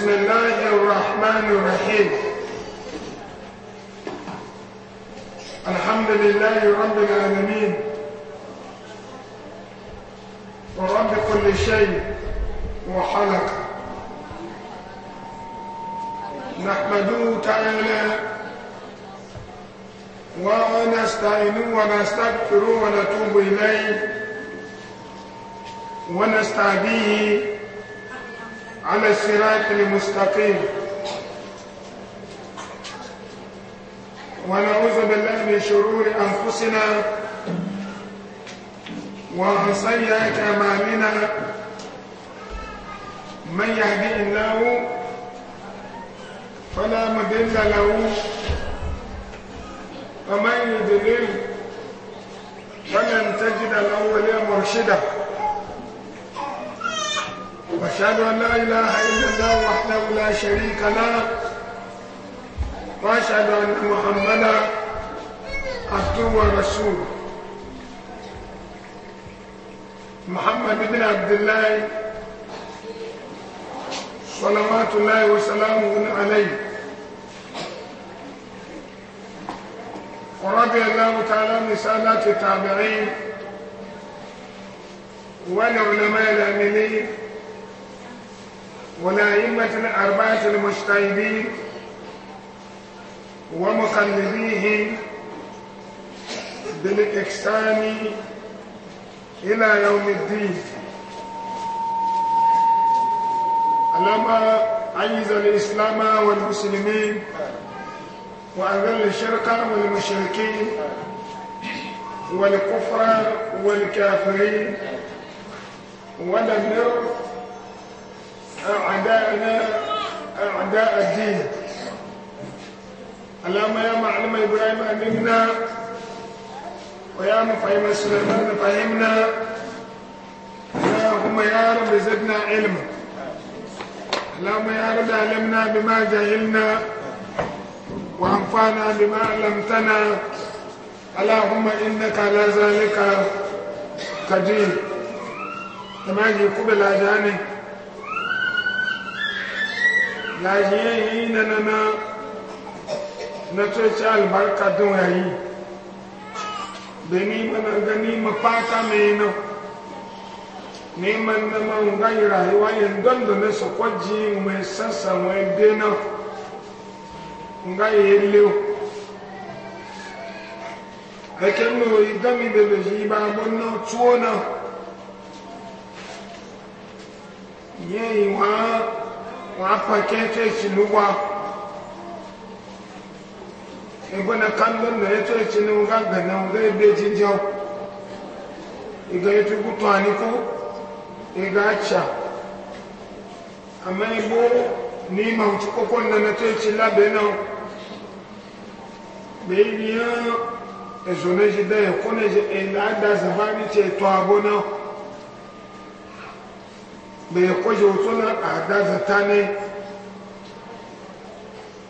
بسم الله الرحمن الرحيم الحمد لله رب العالمين ورب كل شيء وخلق نحمده تعالى ونستعينه ونستغفره ونتوب إليه ونستعديه على الصراط المستقيم ونعوذ بالله من شرور أنفسنا ومن سيئات أعمالنا من يهدي الله فلا مضل له ومن يضلل فلن تجد له وليا مرشدا واشهد ان لا اله الا الله وحده لا شريك له واشهد ان محمدا عبده ورسوله محمد بن عبد الله صلوات الله وسلامه عليه ورضي الله تعالى عن التابعين والعلماء الامنين ولائمة الأربعة المجتهدين ومقلديهم بالإحسان إلى يوم الدين لما عيز الإسلام والمسلمين وأذل الشرك والمشركين والكفر والكافرين ودمر أعداءنا أعداء الدين اللهم يا معلم إبراهيم أمنا ويا مفهم سليمان فهمنا اللهم يا رب زدنا علما اللهم يا رب علمنا بما جهلنا وانفعنا بما علمتنا اللهم انك على ذلك قدير تمام يقبل اجانب gashi yayi na na na na tsoci albarka don yayi da ni mana gani mafata mai nan neman na man gani rayuwa yin don da na sakwaji mai sassa mai dena gani yin lewu ake nori gami da da shi ba gwanna tuwo nan yayi wa wọn afa kẹntẹ ìṣìlúwa ìgbọ́nà kánlọ́ nà ètò ìṣìlú wọn gàgbẹ̀nà wọn gẹ́gẹ́ bí etí jẹun ìgbà ètò ìkútọ̀ àníkú ìgbà àṣà àmọ́ ìgbó ní ìmọ̀ òtí kókó nana tó ìṣìlú lábẹ́ náà bẹ́ẹ̀ ni ẹ̀zọ́ náà ṣe dẹ́yẹ̀ kó náà ṣe ẹ̀dá àdá sàfáàmì ti ẹ̀tọ́ àbọ̀ náà mai kwaje wato na ƙada zata ne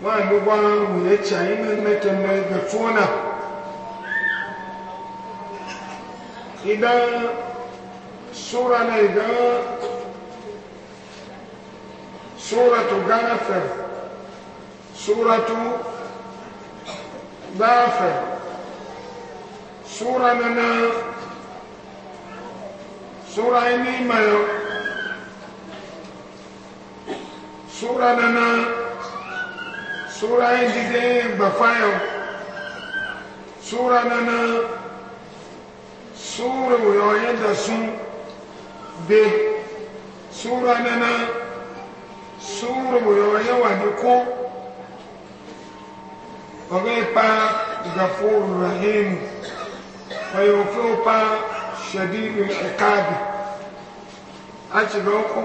wani gbogbo mu ya ci a yi mẹkẹ mẹ ga tona idan sura na idan suratu ganafir suratu gafir sura na na sura ni mayo sura nana sura yi dide gbafayo sura nana sura yoyin da sun be sura nana sura yoyin wani ko ọgá ipa gafuru rahimu wọ́n fi pa ṣẹ̀dí ẹ̀ka bi a ti lọ́kọ́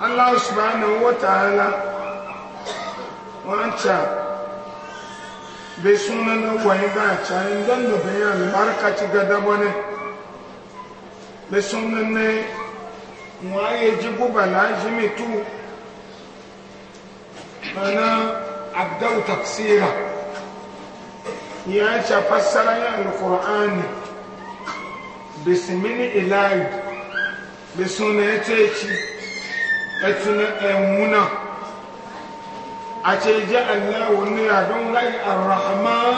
Allah subhanahu wa ta'ala wanca bai suna na wani gaca in don da bayan albarka ci gada wani bai suna ne waye ji guba laji mitu mana abdau tafsira ya ce fassara ya alkur'ani bisimini ilahi bai suna ya ce ẹtùnú ẹ̀wùnà àti ìjẹ́ aláwò ní àdúngáyì arahman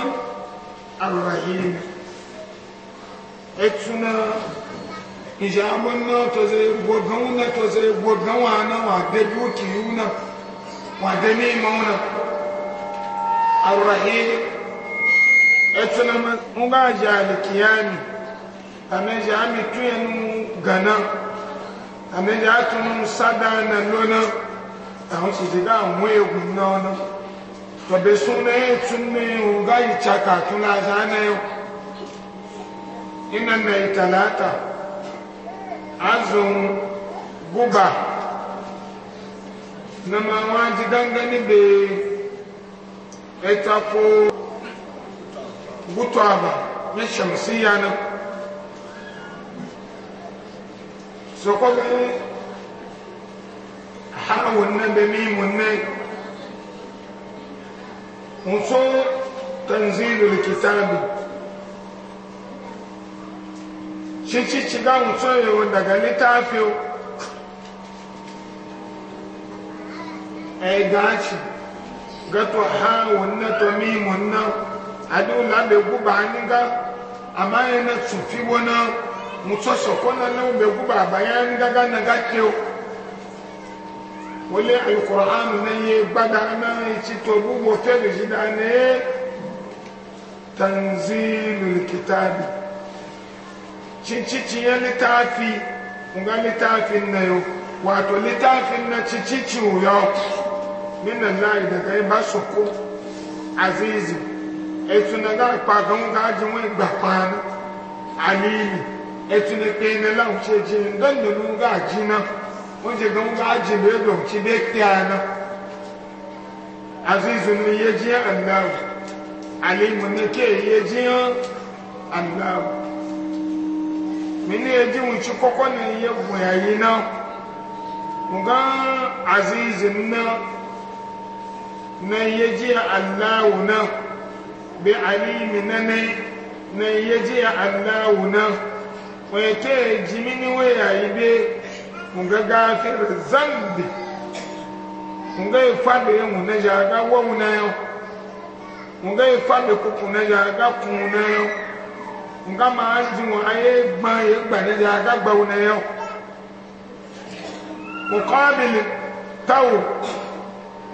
arahim ẹtùnú ìjẹ́ abọ́nà tọ́sẹ̀ gbọ̀gán náà tọ́sẹ̀ gbọ̀gán wà náà wà débi òkè yìí náà wà débi ìmọ̀ náà arahim ẹtùnú mú bá jẹ́ àlìkìyàmì àmẹ́jẹ́ àmì túyẹ̀ amẹ́jẹ́ atún sádà nà lónà àwọn ìdígá àwọn egun náà nà tọ̀bẹ̀ súnmẹ́ túnmẹ́ ògá ìtsaka tún láàzá náà yọ iná nà ìtàláta azùn gúbà nàmà wọn adi dandan níbẹ̀ ẹ̀tàkó gútọ̀ àbà ní sàmùsíyà náà. sọkọ bẹ tanzilu cici ciga daga gato ha ama na mutsɔ sɔkɔnɔ ne wo bɛ gu baba ya ni gaga na ga ke o wòle alukur'an ne ye gbada na etsi to gbogbo fɛ de dzi da ne tanzilul kitabi tsitsitsi ya litaafi nga litaafi na yo wato litaafi na tsitsitsi o yɔ mina lai daga eba soko azizi etu na kpa gaŋu ga dzi wɔn gba paanu alili etuni kpene la ŋutse dzi ŋdɔ nyɔnu ga dzi na ŋutse gã ga dzi be ɖo ŋutsi be kpea na azizu ni ye dzi anaw alimu ni ke ye dzi anaw mini ye dzi ŋutsi kɔkɔ ni ye bonya yi na ŋgã azizu na na ye dzi anaw na be alimu nene na ye dzi anaw na. wete jimini waya ibe nga gafir zambi nga ifabe mu na jaga wo mu na yo nga bi kuku na jaga ku na yo nga ma anji mu aye gba ye gba na jaga gba wo na yo o taw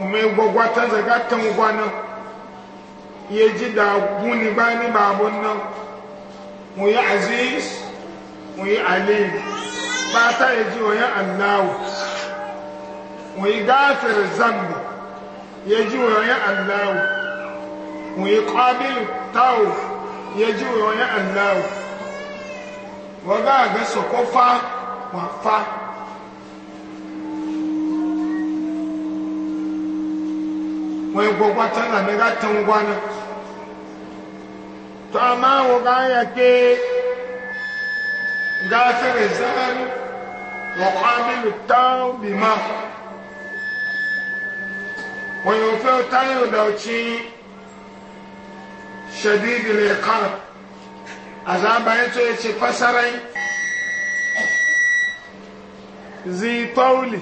ume gogwa ta jaga tan gwana ye ji da guni ba ni babun nan mu ya aziz mu yi alim ba ta yi ji wa allahu mu yi gafir zambi ya ji wa allahu mu yi qabil tawo ya ji wa allahu wa ga ga sokofa wa fa wọ́n yẹ gbogbo atana ní ká tẹ̀ tó a máa wò ká kéé. غافر الزمان وقابل التاو بما ويوفي تايو دوتشي شديد العقاب عذاب يتو يتشي فسرين ذي طولي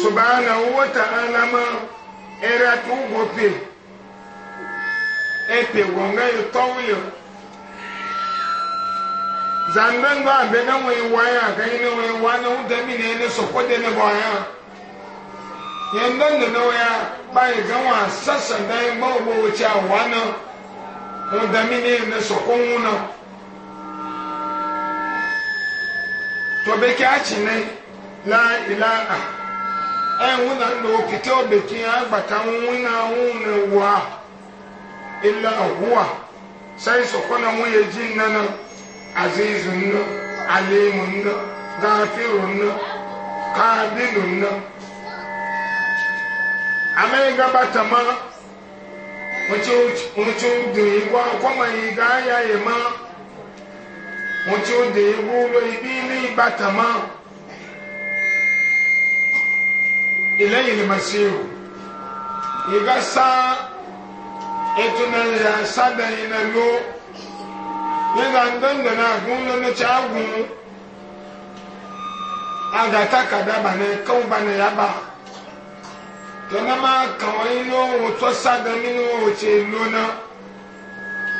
subhanahu wa ta'ala ma era tu gope epe gonga yo tawle zandan ba abe na wai waya ga ina wai wani wuta mi na ne na de ne ya yandan da na waya ba ya ga wa sassa da ya ba ba wuce a wani wuta mi ne ne so ko wuna to be ki achi ne la ilaha en wuna ndo kite obe ki agbata wuna sai so na mu azizunna alimunna gafirunna kaadinunna amega batama mucuduyigwa kwamayiga yayema mucuduyigwa ulo ibili batama ilayil masiru igasa etunaya sadayina lo ne ga ndondo na agụụ lono ci takada ba ne kan ba ne ya ba to na ma kan yin lohun to sagan nínú oce lona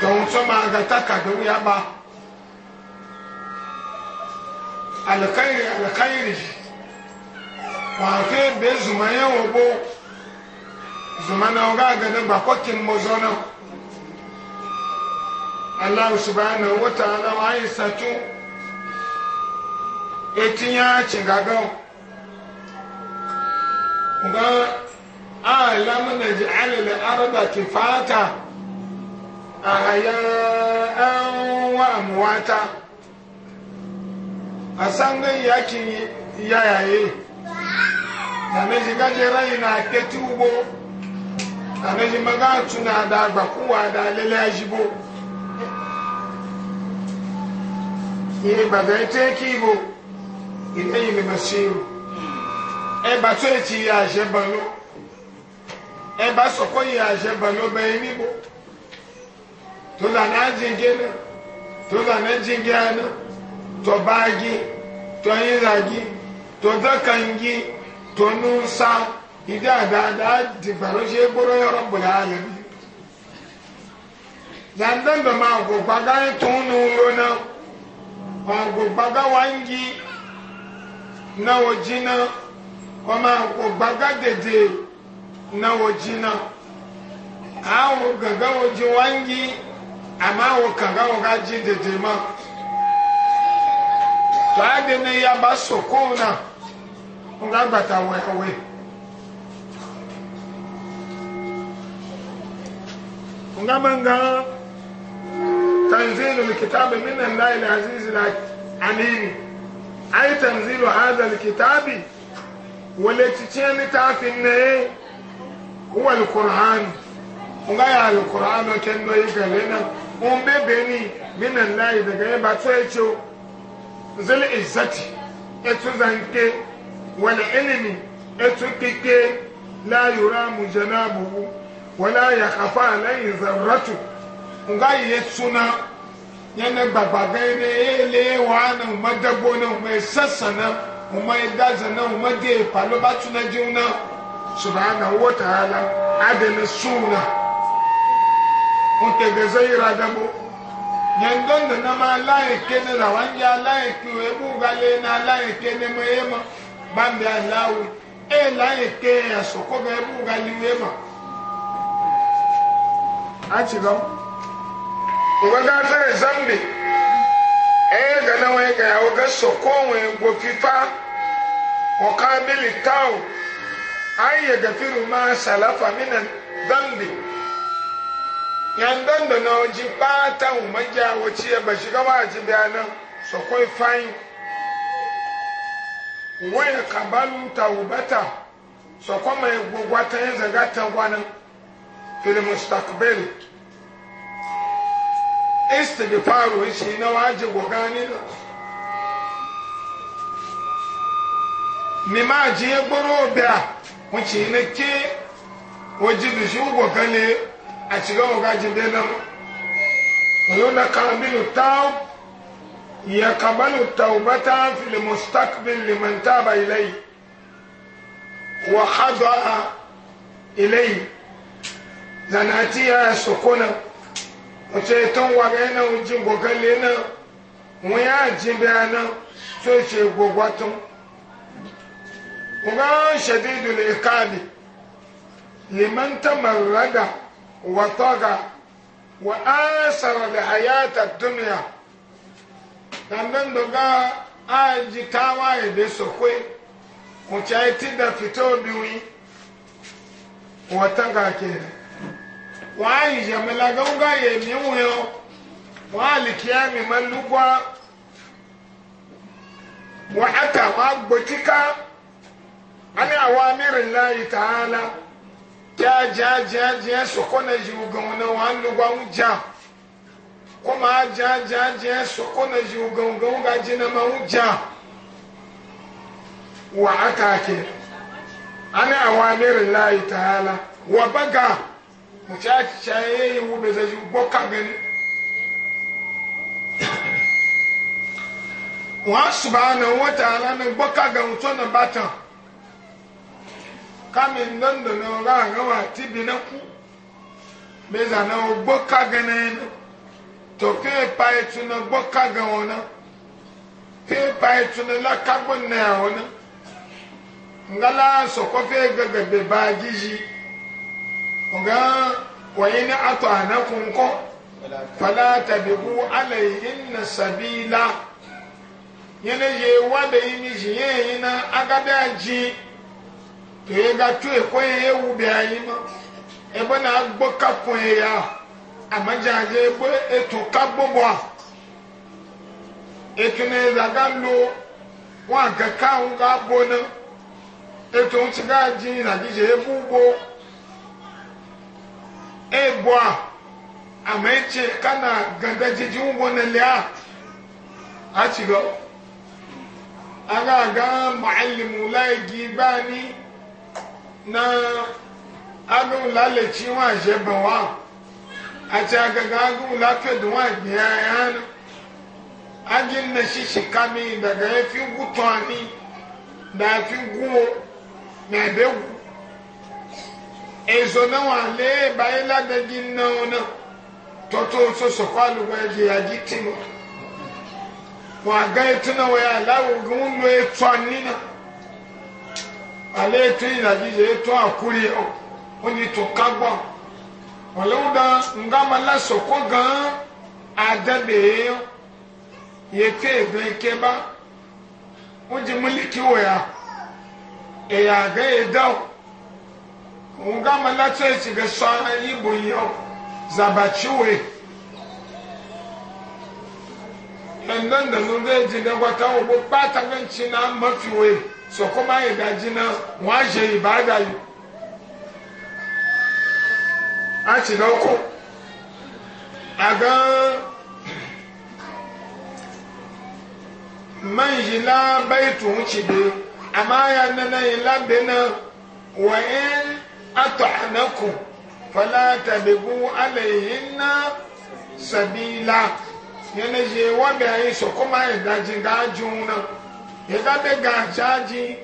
tọhun to ma aga takada ya ba alkairi alkairi wafe be zuma yawon bo zuma na oga ga na Allah subhanahu wa ta'ala wa yi satu etin ya ci gagan ga alamu na ji alila arba kifata a hayan wa amuwata a sangan yakin yayaye da na ji gajeren na keti ugbo da na ji maga tuna da agbakuwa da lalajibo yìí gbàgbé tẹ́ kí ibo ìdá yìí mi máa ṣe o ẹ bá tó ètí yìí àṣẹ bàn ló ẹ bá sọ̀kọ́ yìí àṣẹ bàn ló bẹ́ẹ̀ níbo tó lànà àjẹgẹ náà tó lànà àjẹgẹ àná tó báàgì tó yìnragì tó dọ́kàngì tó nùsà ìdá àdáadáa dìgbà ló ṣe gbọ́dọ̀ yọrọ bọ̀lá àlẹ́ mi. Zandan da ma ko kwa ga tunu lona wago gbaga wangi na wojina wama go gbaga dede na wojina awo gaga woji wangi ama awo kaga woga ji dede ma to ade ne ya ba soko na nga gbata wewe nga manga تنزيل الكتاب من الله العزيز العليم أي تنزيل هذا الكتاب والتي تشين تعرفين هو القرآن وغاية القرآن وكان يقالنا ومبيني من الله إذا قال باتويتو zil izzati etu zanke wani ilimi etu kike la yura mu janabu nga ye suna yana gbagba gai ne ele wa na uma dabo na uma sassa na uma daza na uma de palo ba tuna jiw na subhanahu wa ta'ala adana suna unte e ga zaira dabo yandon da na ma laye kene la wanja e laye ki we bu gale na laye kene mo yema bambe alawi e laye ke ya soko ga bu gale yema a ci gaba nga gaatare zambi ɛyɛ eh, gana wɔn yɛ gaya wɔga sɔkɔ wɔn wɔ fifa wɔkaabili taw ayɛ gafiru maa salafa mina zambi yandanda na ɔgye baata wɔmagya a wɔkyiɛ bashiga wɔn agye bia na sɔkɔ e fan wɔyɛ kabalu tawubata sɔkɔ ma yɛ gbogbo atan yɛ zaga tawwana filimu stakbeli istighfaru shi na waje gogani na mi ma ji gboro bia kun ci na ke waje da shi gogani a ci ga gaji da nan wayo na kamilu taub ya kamalu taubata fil mustaqbil liman ilai wa khada ilai zanati sokona nce tun waga yana wujin gogalle na wani ajin bayanan so ce gogwatun kuma shadidu da ikali liman tamarraga wa toga wa asara da hayata duniya dandan daga aji tawaye da sokwe wuce ya ti da fito biyu wata ga kenan wọ́n á ìyẹ̀mẹ́lá gbọ́ngá yẹ̀ mímú yọ wọ́n á lè kí ẹ̀mí mẹ́lúgbọ́ wọ́n á kà wọ́n á gbòtíká wọ́n ní àwọn amírìnlá ìtàhálà jajajaja soko na jiwu gawo na wa lugwa nja kuma jajaja soko na jiwu gawo gawo ga ji na ma nja wa aka ke ana awamirin layi ta'ala wa baga mucha chaye yiwu beze ji ugbo kagani wa subhanahu wa ta'ala na ugbo kaga mutu na batan kamin nan da na ga ga wa tibi na ku beza na ugbo kaga na to ke pa etu na ugbo kaga wona ke pa etu na la kagbon na wona ngala so ko fe gaga be ba nga wayin ata'anakum ko fala tabiqu alayhin sabila yene ye wada yini jiye yina agada ji to ye ga tu e ko ye wu bi ayima e bona agbo kapon ya amaja je bo eto na ekene zaga lo wa ga ka un ga bona eto un ti ga ji na ji je bu a, ama eche kana gada jiji ugbo nele a a cigo a ga aga ma'alimu laigi anyị na agụ lalaci nwa jebawa a ci agaga agụ lafiyar nwa biya ya na agin na shishi kami daga ya fi gutu na da ya fi na ebe ezo na wa le bayi e ladaji na ona tɔtɔ so sɔkɔ aluwa ɛdi adi ti mo mo aga etu na wɔyɛ alawo ŋun lo etu ani na ale etu yinadi yɛ etu akuri o oni to kagbɔ wɔlewu da ngama la sɔkɔ gan ada bee yɛ ke ebien keba o di mílíkì wọ̀ ya ẹ̀yà àgẹ́ yẹ dá o. nga mala church ga sara yibo yo zabachiwe yandan da zurga ji da wata obo pata ganci na mafiwe so kuma ya daji na waje ibada yi a ci dauko a ga man yi la baitu wuce biyu amma ya nana yi labe na wa'in atọ̀hánakùn fala tabigu alayhinna sabila yana je wabe ayi so kuma ya gaji gajin na ya gabe gajaji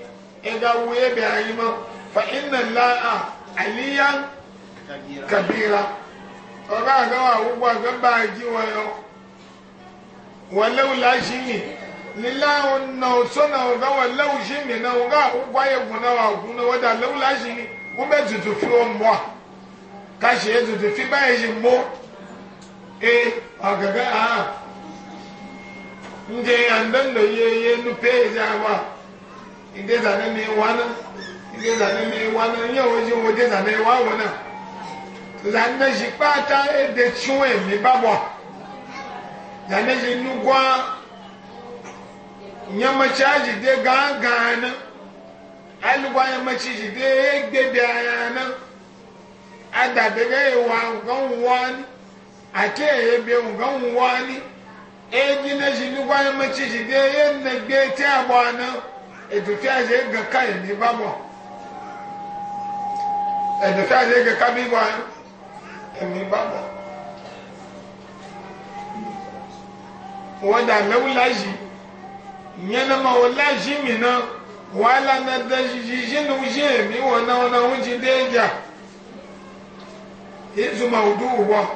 ya ga wuye be ayi ma fa inna la'a aliyan kabira ọba àgbàwà gbogbo àgbàbà àjí léwu láṣí mi nílá ọ̀nà ọ̀sọ́nà ọ̀gá wọn léwu sí mi náà ọ̀gá àgbogbo ayẹ̀gùn náà wà gùn náà wọ́n dà léwu láṣí mi wọ́n bẹ tutu fi wọn mọ́ e, a káṣí yẹ tutu fi báyìí ṣe mọ́ e ọ̀gẹ̀gẹ̀ hàn ndé àndéndé yé yé nu péye ṣe àwọn ìdè zànà mi wá ná ìdè zànà mi wá ná nyẹ wo ṣe wo dé zànà mi wá wọ ná zànà ṣì pátá èdè tiwọn èmi bá bọ̀ zànà ṣì nugbọ́n nyẹmọ̀ṣáàjì dé gángan náà alugba ya mace shi da ya gbebe anya nan a da daga yawa nkan wani a ke ya be nkan e ji na shi lugba ya mace shi da ya na gbe ta agba edufe a je ga kai ni babo edufe a je ga kabi ba ni babo wanda laulaji yana maulaji wala na da jiji nu je mi wona wona wunji denja izu maudu wa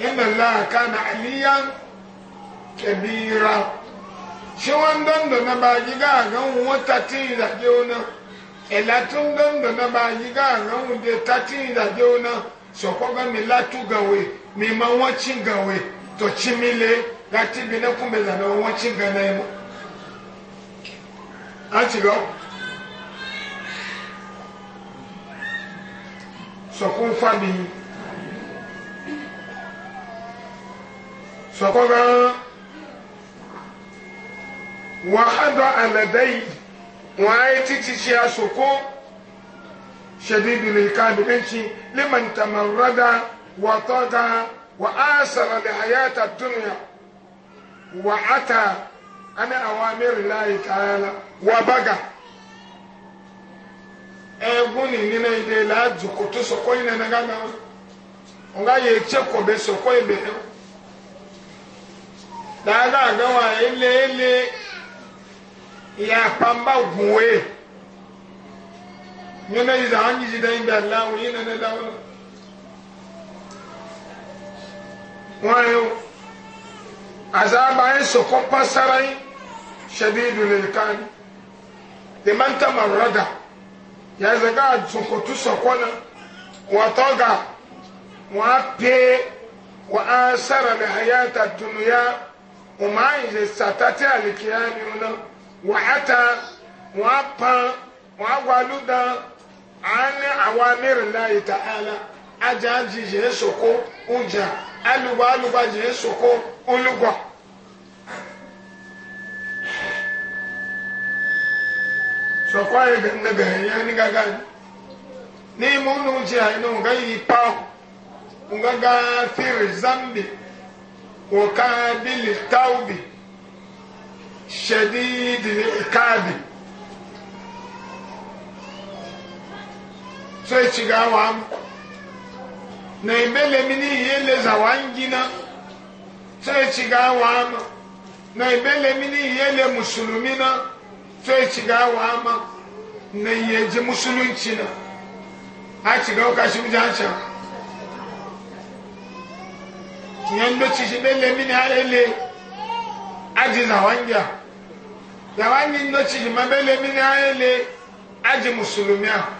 inna allah kana aliyan kabira shi wandan da na baji ga gan wata tin da jona elatun dan da na baji ga gan wunde tatin da jona so ko ga mi latu gawe mi ma wancin gawe to chimile gati bi na kumbe da wancin ga na mu láti lọ. sọ̀kọ́ ń fa mi sọ̀kọ́ gan-an wọ́n á dọ̀ àmẹ́dẹ́ yìí wọ́n á yẹ títí ṣe àsòkó ṣẹ̀dí ìbìlẹ̀ ìka àbẹ̀kẹ́ńtì lẹ́mọ̀n tàmàrọ́dà wọ́tọ́dà wọ́n á sàrànlẹ̀ àyàtà dúnìyà wọ́n á ta. ana awamiri layi kayana wabaga egun ni nina ide la jukutu soko ina na gana nga ye che ko be soko ebe da ga ga wa ele ele ya pamba guwe nina iza anji jida inda Allah ina na lawo wa yo azaba yin soko pasarai shadidu lilkan liman tamarrada ya zaga soko tu soko na wa toga wa pe wa asara bi hayata dunya uma je satati alikiyami una wa ata wa pa wa gwaluda an awamir lahi ta'ala ajaji je soko uja alụgba alụgba ji eshuku olugbo sokwa ebe ndege eya n'i ga ga n'ime ulo nji anyi n'o nga eyi paa nga ga firi zam bi o ka bi litao bi shebi na ibele mini yele zawangina sai ciga wama na ibele mini yele musulmina sai ciga wama na yeji musulunci na a ciga ka shi mujanci yando ci shi ele aji zawangiya zawangin do ci shi ma bele mini ele aji musulmiya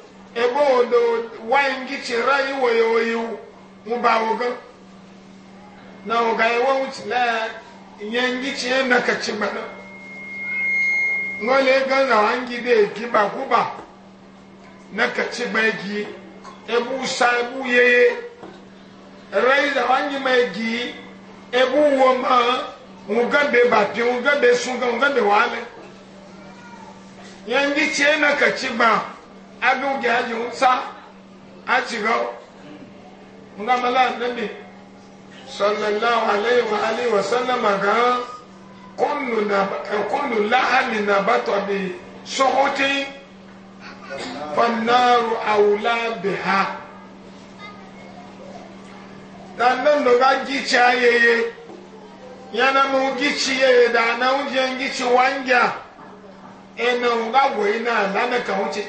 ebe odo wayin rayu rayi wayoyi mu ba woga na woga yawa wuce la yan gici yan na kaci mana ngole ga na wangi ba? giba kuba na kaci gi ebu sa ebu yeye Rayu da wangi mai gi ebu wo ma ga be ba pi ga be sunga ga be wale yan gici yan na kaci ba abin gyaji sa a cigau nga mala annabi sallallahu alaihi wa alihi wa sallama ga kullu na kullu la'ami na bata bi suhuti fannaru aula biha dan nan do ga gici ayeye yana mu gici yeye da na unje gici wanja ena nga go ina lana ka hunci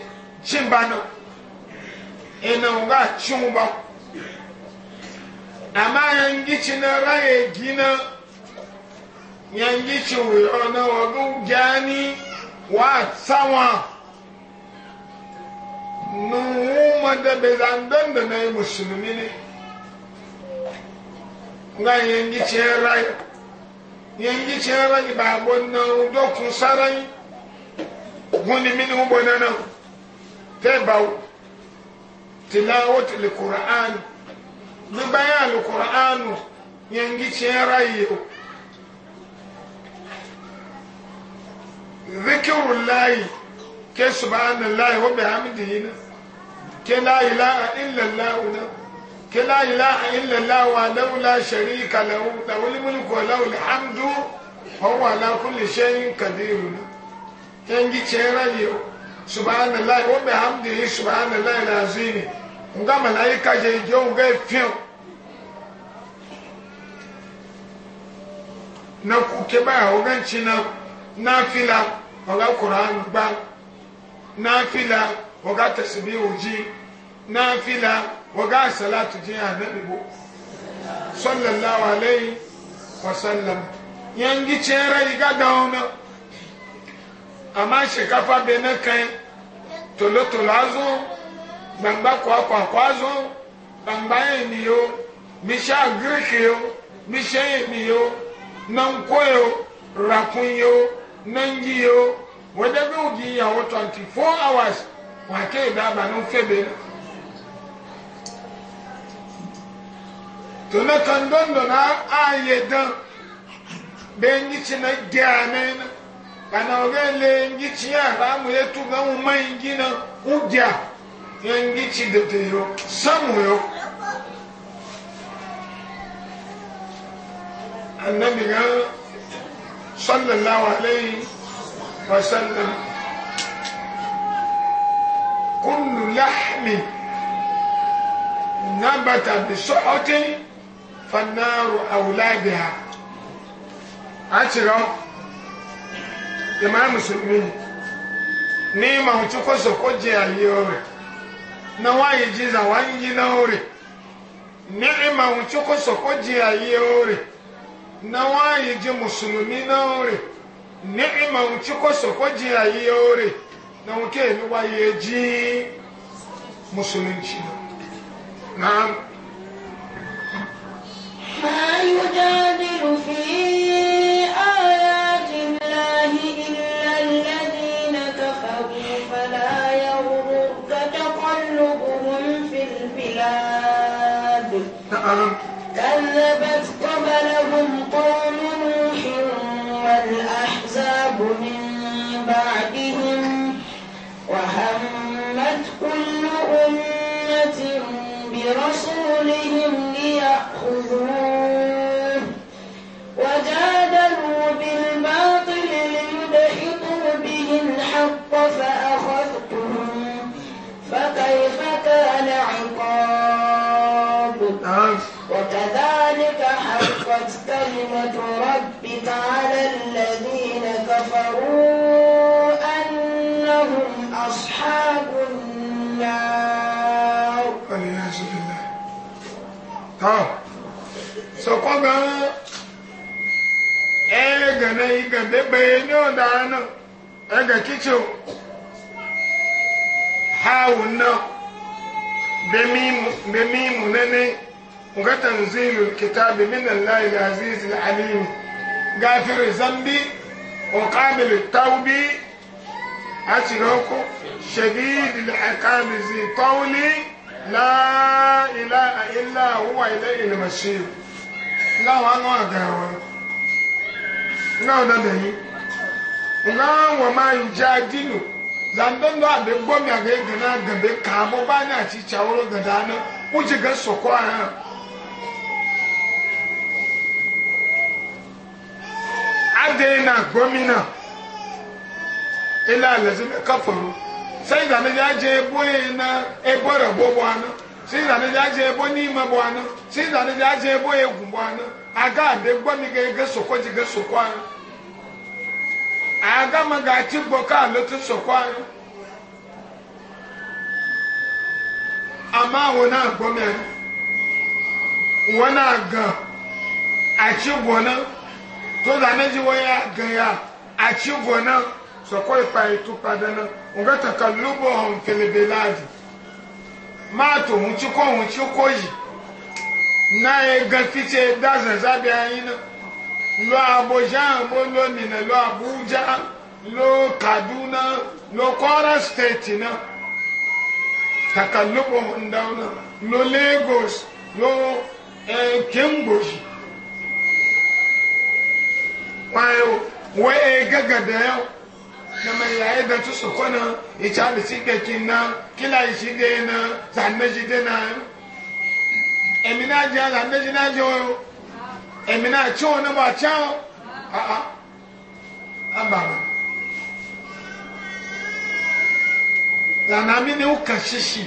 shimba no ina nga chumba ama yangi china raye gina yangi chuwe ona wagu gani wa sawa nuhuma da bezandan na yi musulmi ne nga yangi china raye yangi china raye babon na dokun sarai gundi mini hubona na tẹ́ẹ̀báwò tilawati likur'an gbígbá yà likur'anu yangi tiẹ́ra yìí o zikiru layi ke subhana layi wa bihamdi yi na ke la ilaha illa lahu na ke la ilaha illa lahu wa lahu la sharika lahu lahu mulku wa lahu alhamdu wa huwa ala kulli shay'in qadir yangi tiẹ́ra yìí o subhanallahi wa bihamdihi subhanallahi alazim nga malaika je je nga fiu na ku ke ba o gan china na fila o ga qur'an gba na fila o ga tasbihu ji na fila o ga salatu ji annabi bo sallallahu alaihi wa yangi chere ga dauna amma shikafa bai na kai tolotolo azo gbangba kwakwakwa azo gbangba eniyo misha agirikiyo misha eniyo nankoyo rakunyo nangiyo wadda bi ogi yawo 24 hours wake idaba no febe to na kan dondo na aye dan benyi ci na gyane na kana oge le ngi chi haramu yetu ga umma ingina udya ya ngi chi deteyo samuyo annabi ga sallallahu alaihi wa sallam kullu lahmi nabata bi su'atin fannaru awladiha a cikin jẹ̀mọ́ mùsùlùmí ní màá tí kò sọ̀kọ́ jẹ àyè ọ̀rẹ́ na wáyé jíza wáyé yíná ọ̀rẹ́ ní màá tí kò sọ̀kọ́ jẹ àyè ọ̀rẹ́ na wáyé jẹ mùsùlùmí náà ọ̀rẹ́ ní màá tí kò sọ̀kọ́ jẹ àyè ọ̀rẹ́ na wọn kéèmí wáyé jí mùsùlùmí náà. daga kicin hawun nan da mimu na ne ga tanzilul kitabi min Allah al-aziz al-alim gafir zambi wa qabil tawbi a ko shadid al-iqab zi qawli la ilaha illa huwa ilayhi al-masir lawa no ga wa no da dai nga wa ma yujadilu zandon do abe gbomi aga ege na gabe e ka abụba e ba e ni aci gada ga uji ga soko ha na gomina ila alazi sai na ebo rabo bo ana ebo n'ime aga abe ga ege ji agama ga ci gboka a lotu sokwa amma wana gome wana ga a ci gona to da na ji waya ga ya a ci gona sokwa ipa itu padana nga takallubo hon filibiladi ma to mu ci ko mu ci ko yi na ya ga fice dazan zabi ayi na lo Abidjan bo lo Minna lo Abuja lo Kaduna lo Kwara steeti na takalubo ndauna lo Lagos lo eh, Kemgboji wayo wee gagada yau na mai yayi da tu su kwana ita da shi da kin na kila shi da na zanne shi da na emina ji zanne shi na ji èmi náà tí wọn náà wà tí wọn àá àbàrà lànà mi ni ó kà ṣíṣì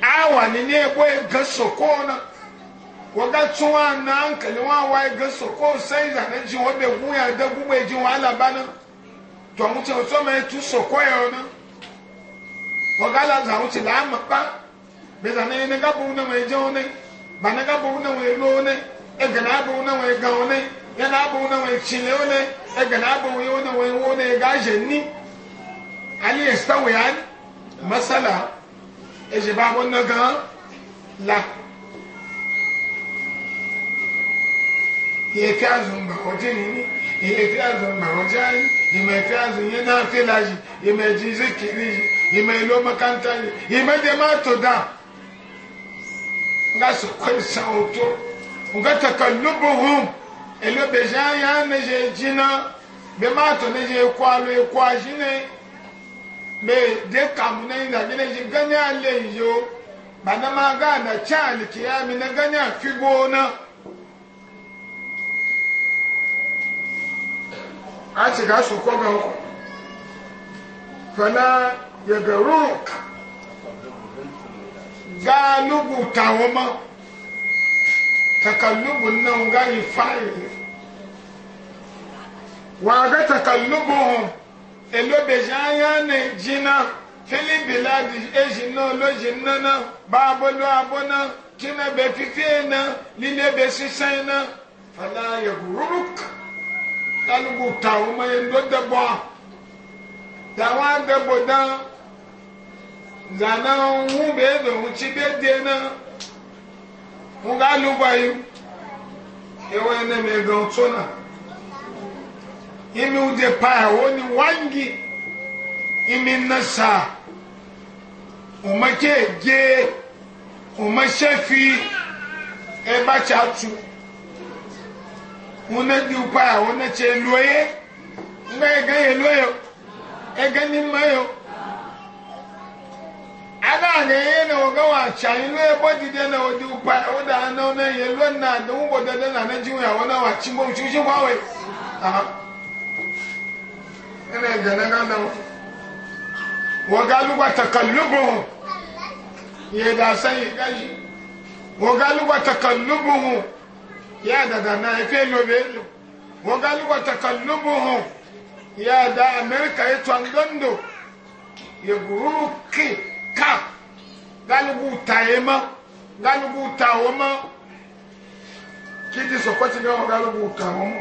àwà ní ní ẹgbẹ́ ẹgbẹ́ sọ̀kọ́ náà wọ́n gá tún wọn àná nkàlí wọn wá ẹgbẹ́ sọ̀kọ́ sẹ́yìn jí gún dé ma etu sọ̀kọ́ ya wọ́n làzà wọn ti làá mọ̀ pa bẹ̀rẹ̀ ní ẹni gábọ̀ wọn náà ma ẹjẹ́ wọn náà. banaga ka na we lo ne e gana bo na we ga ne ya e na bo na we chi e gana bo yo na we wo ne ga je ni ali estawe an masala e je ba bo ga la ye fi azun ba o ti ni ni ye fi azun ba o ja ni ìmọ̀ fi azun yẹn fi la yìí ìmọ̀ ìjì zikiri yìí ìmọ̀ ìlú ọmọ kanta yìí ìmọ̀ ìdè má nga su kwai sauto nga takallubuhum elo be jaya na je jina be mato na je kwalo e kwa jine be de kamu na inda je gani ale yo na ma ga na chali kiyami na gani afigona a ci ga su kwa ga fala ya garuru galubu tàwọn mọ takalubu náà ga yìí fáyìí wàá gẹ takalubu hàn elóbèjì ayé ni jìnnà na láti èsì náà lóṣì nánà báàbólú abóná kínà bẹ fífi iná lílé bẹ sísan iná fàlà yẹgùrúrúk galubu tàwọn mọ yẹn ló dẹbọ tàwọn adẹbọ dáná zana ŋu be ebe ŋutsi be de na ŋu ga lu ba yi ewo ene me ga tso na imi de paya wo ni wangi imi na sa umake je umashe fi eba cha tu ŋune di paya wo ne che loye ŋu ga ye ga ye loye ege ni ma yo aga na ihe o ogawa chanyị lu ebo dide na odi ụpa ụda anọ na ihe lu na adị ụgbọ dede na na jiwe awọ na wachi mgbe uchi uchi gbanwe ina ije na ganda waga lugba takallubuhu ya da san yi gashi waga lugba takallubuhu ya da da na efe lobe elu waga lugba takallubuhu ya da amerika ya twangondo ya guru ki ka galibu ta ye ma galibu ta wo ma kidi sɔkɔti ka wo ta wo ma.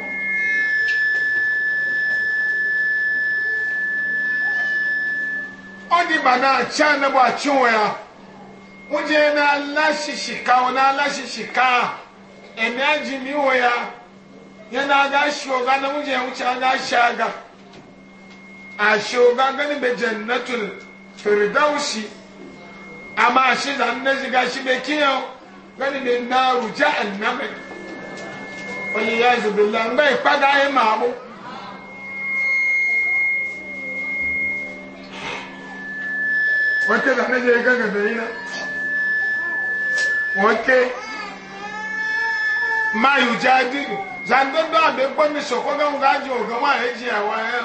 na akyɛ ne bɔ akyi wɔ ya wogye na ala sisi ka wo na ala sisi ka ɛmi mi ya yɛn na aga ahyi oga na wogye yɛn aga aga gani amma shi da na shiga shi bai kiyo gani bai na ruja annabi wani ya zubi lamba ya fada ya mamu wata da na je gaga da yi na wata ma yi jadi zandondo abe gbọmi sọkọ gaŋ gaji ogan wa ye jiya wa ye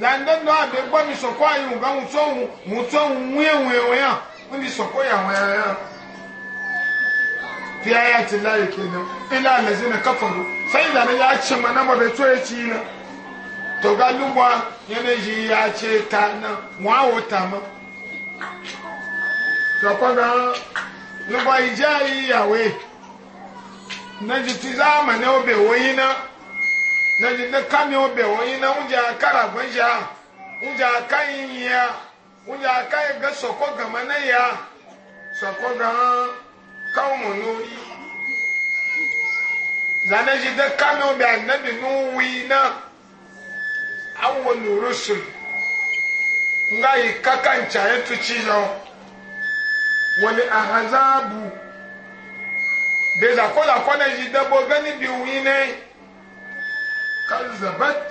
zandondo abe gbọmi sọkọ ayi ogan wutsọ wu wutsọ wu wuye wuye wuyan wọ́n ti sọ̀kọ́ ìyàwó ẹ̀rọ fi ayé àti láyé kéde ilé àlẹ́sí ni káfọ̀rọ̀ sẹ́yìn ìdáná yà á tse mọ́ náà mọ́ bẹ́ẹ̀ tó etí iná tọ́gbà lúmọ́ yẹn lè yí yà á tse ta náà wọ́n á wò tà mọ́ sọ̀kọ́ náà lúmọ́ ìjẹ́ ayé ìyàwó yìí nàìjí ti záàmà ní ọbẹ̀ wọ̀nyí náà nàìjí ní kámi ọbẹ̀ wọ̀nyí náà ń jẹ́ àkàrà gbọ́njẹ́ ń jẹ́ àkàyìn yìí à wúnyà ká yẹ gẹ sọkọ gàmọ náà yá sọkọ gàmọ káwọn mọ n'oyi zanaji de kánò bẹ anabi n'owó yi náà awọ n'oro sori nga yi kaka nkyɛn tukyi yɔ wɔle ahazaabu dezakɔlakɔ na yi dɛbɔ gani bi wine kazabat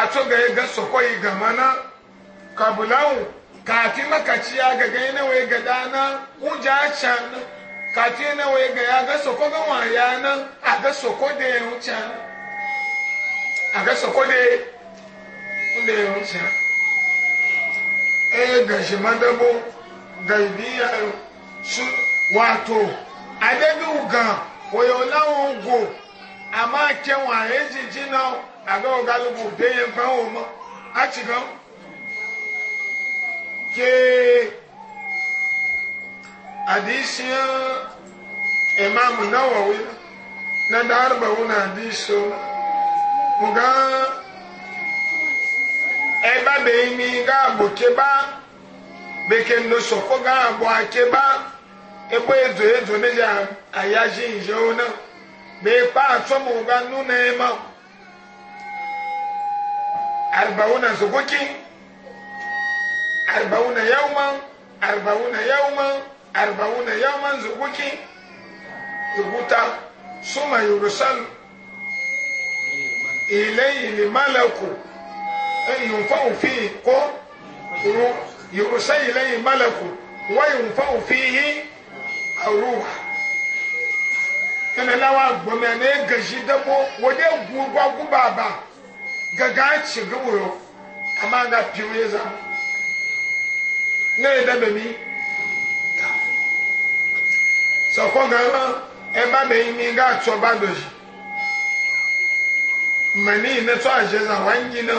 ato ga yi gasɔkɔ yi gama na kabulau kati makaci ya gaga yana wai ga dana kuja can kati yana wai ga ya ga soko ga waya nan a ga soko da ya wuce a ga soko da ya wuce e ga shi madabo ga biya su wato adabi ga wayo lawon go amma kyan waye jijina a ogalubu bayan fawon ma a cikin ke adisiyan imam nawawi na ndị da arba'un hadiso nga eba beimi ga abu keba Bekee ndo soko ga abu akeba ebo ezo ezo meja ayaji nje ona be pa atomo ga nuna na arba'un sokoki arba'una yawman arba'una yawman arba'una yawman zuguki iguta suma yursal ilayhi limalaku yunfa'u fihi ko yursal ilayhi malaku wa yunfa'u fihi ruha kana lawa gbome ne gaji dabo wode gugwa gubaba gaga ci gawo amma ga piwe zama ŋe ɖe be mi sɔkɔ gã ma eba be mi gatsɔ ba do zi mɛ ni yi ne tsɔ aze zã wa ŋdzi ne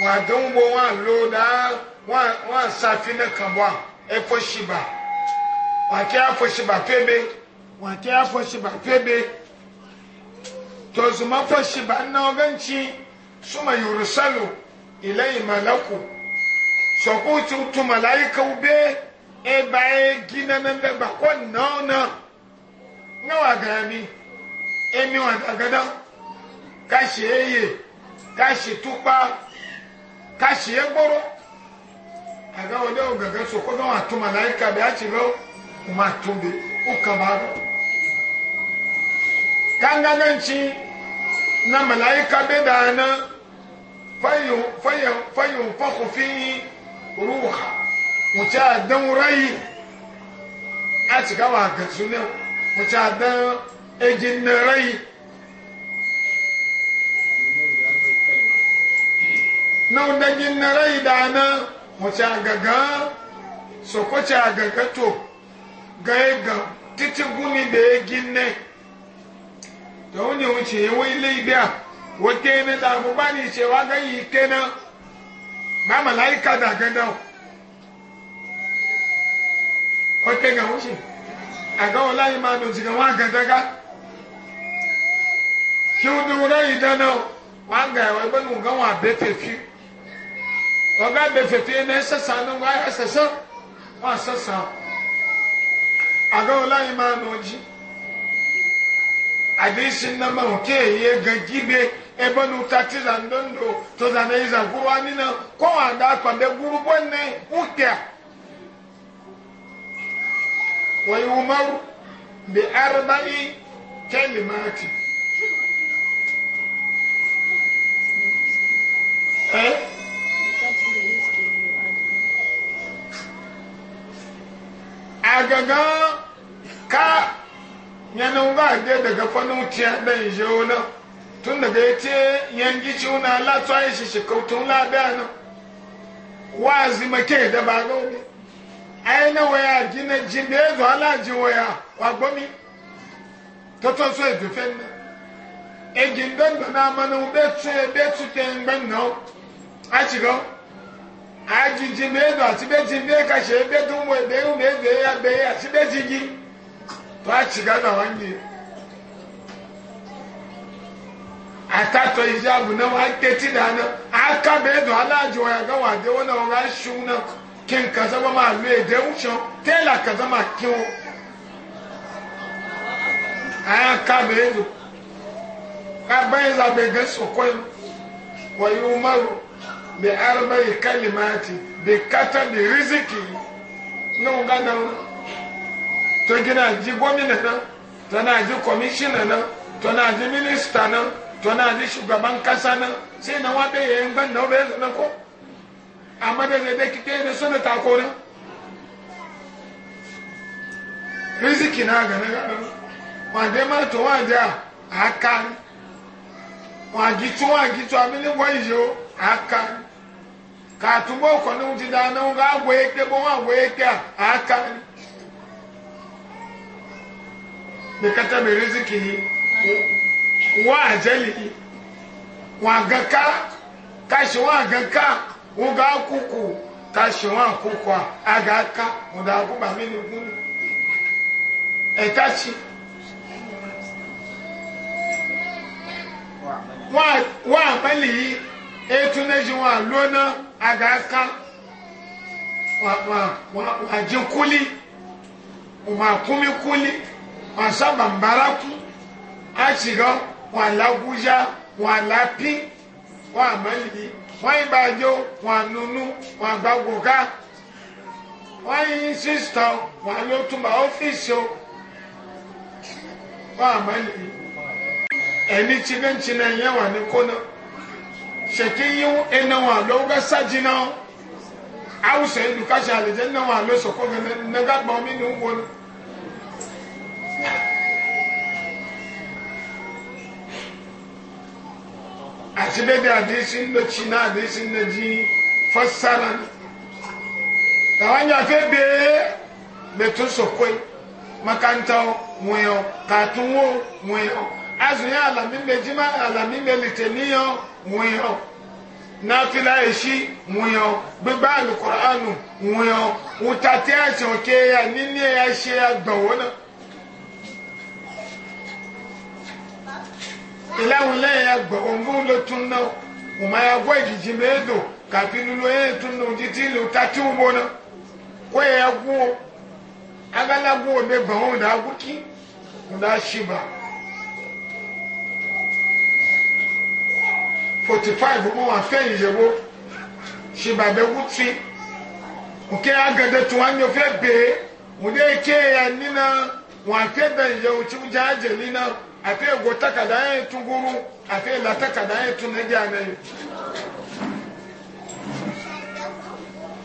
wa do ŋu bo wa lo ɖaa wa wa safi ne kan bɔ a efo si ba wa kɛ afo si ba pe be wa kɛ afo si ba pe be tozuma fo si ba na o suma yorosalo ilayi malaku sɔkò tí o tún malayika o bɛ e ba ye gina ne bɛ ba kɔ nɔɔ na ne wa gɛrɛ mi e mi wa gagada ka si e ye ka si tukpa ka si e gbɔrɔ a ka o de o gɛgɛ sɔkò ne wa tún malayika bɛ a ti bɛ o ma tún bi o kama rɔ kanga ntsi na malayika bɛ daa na fayin fayin fayin fɔkofin ruha wuce dan rai a cika wa ga sune wuce dan ejin na rai na wundagin na rai da na gaga so kwace gaga to ga e ga titi guni da ya ginne da wani wuce yawon ilai biya wata yana da abubuwa ne cewa ga yi kenan ba malaika da ganda o te ga wuce aga wala yi ma do jiga wa ganda ga ki o do ra yi dana wa ga wa ba nu ga wa be te fi o ga be te fi ne sa wa sa sa wa sa aga wala yi ma do ji hadisi na ma o ke ga gibe ebe na utachi za ndo ndo to za na iza guru ani na ko wa da bi arba'i kalimati eh? agaga ka nyanon ga de daga fanuciya dan jewo na tun daga ya ce yangi ci wuna latuwa ya shi shekautun labiya nan wazi make da ba ne wani ai na waya gina jimbe ya zo ji waya kwagbomi ta to so ya dufe ne e gindan da na mana betu ya betu ke ngban na a ci a ji jimbe ya zo a ci be jimbe ka shi ya betu mu ya be ebe ya be ya ci be jigi to a ga da wani atatɔ hijabu na wa keti da na aka bɛ do alaajɔ ya ka wa de wo na wa ka sun na kin kasa ma ma lu ede n sɔn tela kasa ma kin o aya ka bɛ do ka bɛn la bɛ gɛ sɔkɔ yi wa yi o ma do bi araba yi e kalimati bi kata bi riziki ne ko ka na o to gina ji gɔmina na to na ji kɔmishina minista na to na ji shugaban kasa nan sai na wabe ya yi ban da wabe ya ko amma da zai da kike da suna takorin riziki na gane gane wàdé má tó wàdé àáká wàdí tó wàdí tó amílẹ̀kọ́ ìyó àáká kàtúbọ̀ ọkọ̀ ní wọ́n ti dáná wọn bá wọ eke bọ́ wọn wọ eke àáká ní kẹtẹ́ mi riziki yìí wa ajali wa gaka kashi wa gaka uga kuku kashi wa kuku aga aka muda kuba mini kunu etachi wa amali etu neji wa lona aga aka wa jinkuli wa kumi kuli wa sabambaraku a shiga wọn laguja wọn lapi wọn amalili wọn ibajo wọn nunu wọn gbagoka wọn yin sista wọn lotumba ọfiisi o wọn amalili ẹni tsinantsina yẹn wà ní kóná sèké yiwu ena wọn lọ wọn ka sajina o awusa edukasi alẹ jẹ ena wọn lọ sọkọ gẹlẹ nígbà gbọmí ni wọn wọlé. a ci da ndo da ci na hadisin da ji fassara da wanya fe be betun sokoi makanta muyo katunwo muyo azun ya alamin be jima alamin be liteniyo muyo nafila eshi muyo gbigba alukur'anu muyo wutate ẹsẹ òkè ya nílé ẹsẹ agbọwọ ila wula ya gba ongu lo tunna uma ya gwa jiji medo kafi nulo ya tunna jiti lo tati ubo na kwa ya guo agala guo be ba on da guki na shiba 45 mo wa fe yebo shiba be guti nke agada tuwa nyo fe be ude ke ya nina wa fe da yo chu jaje nina afe go takada ya tuguru afe la takada ya tu nege anayi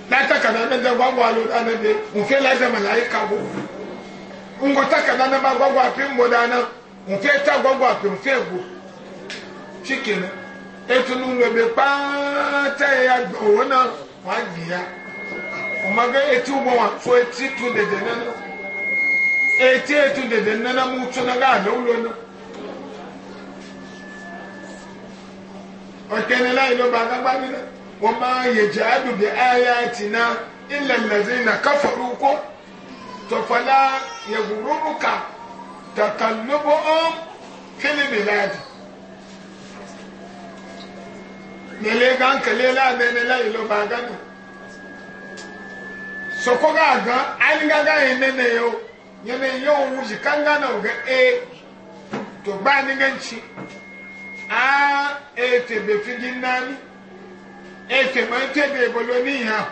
la takada na da gbagbo alu anabe nfe la da malaika bo ngo takada na ba gbagbo afi mbo da na nke ta gbagbo afi nfe go chicken etunu ngbe pa ta ya gbowo na wa giya o maga etu bo wa so etu dede de na eti etu dede nana na na mu tu na ga lo ọ̀kẹ́ni láì ló bá kápá nínú wọ́n máa yẹ ya àdùbẹ̀ ayé àti náà ilẹ̀ lẹ́sẹ̀ iná káfọ̀rú kó tọ̀fọ̀lá yẹ̀gùrúrú kà tàkà lóbó ọ́n fílíbì láàdì. Nyẹlẹ gan kẹlẹ láàbẹ̀ni láì ló bá gánà. Sọ̀kọ́ gà gan ánìgágá yẹn nẹ́nẹ̀ yẹn o yẹn yẹn wù ee tó gbá a etebe fidi nani etema etebe eboloni ha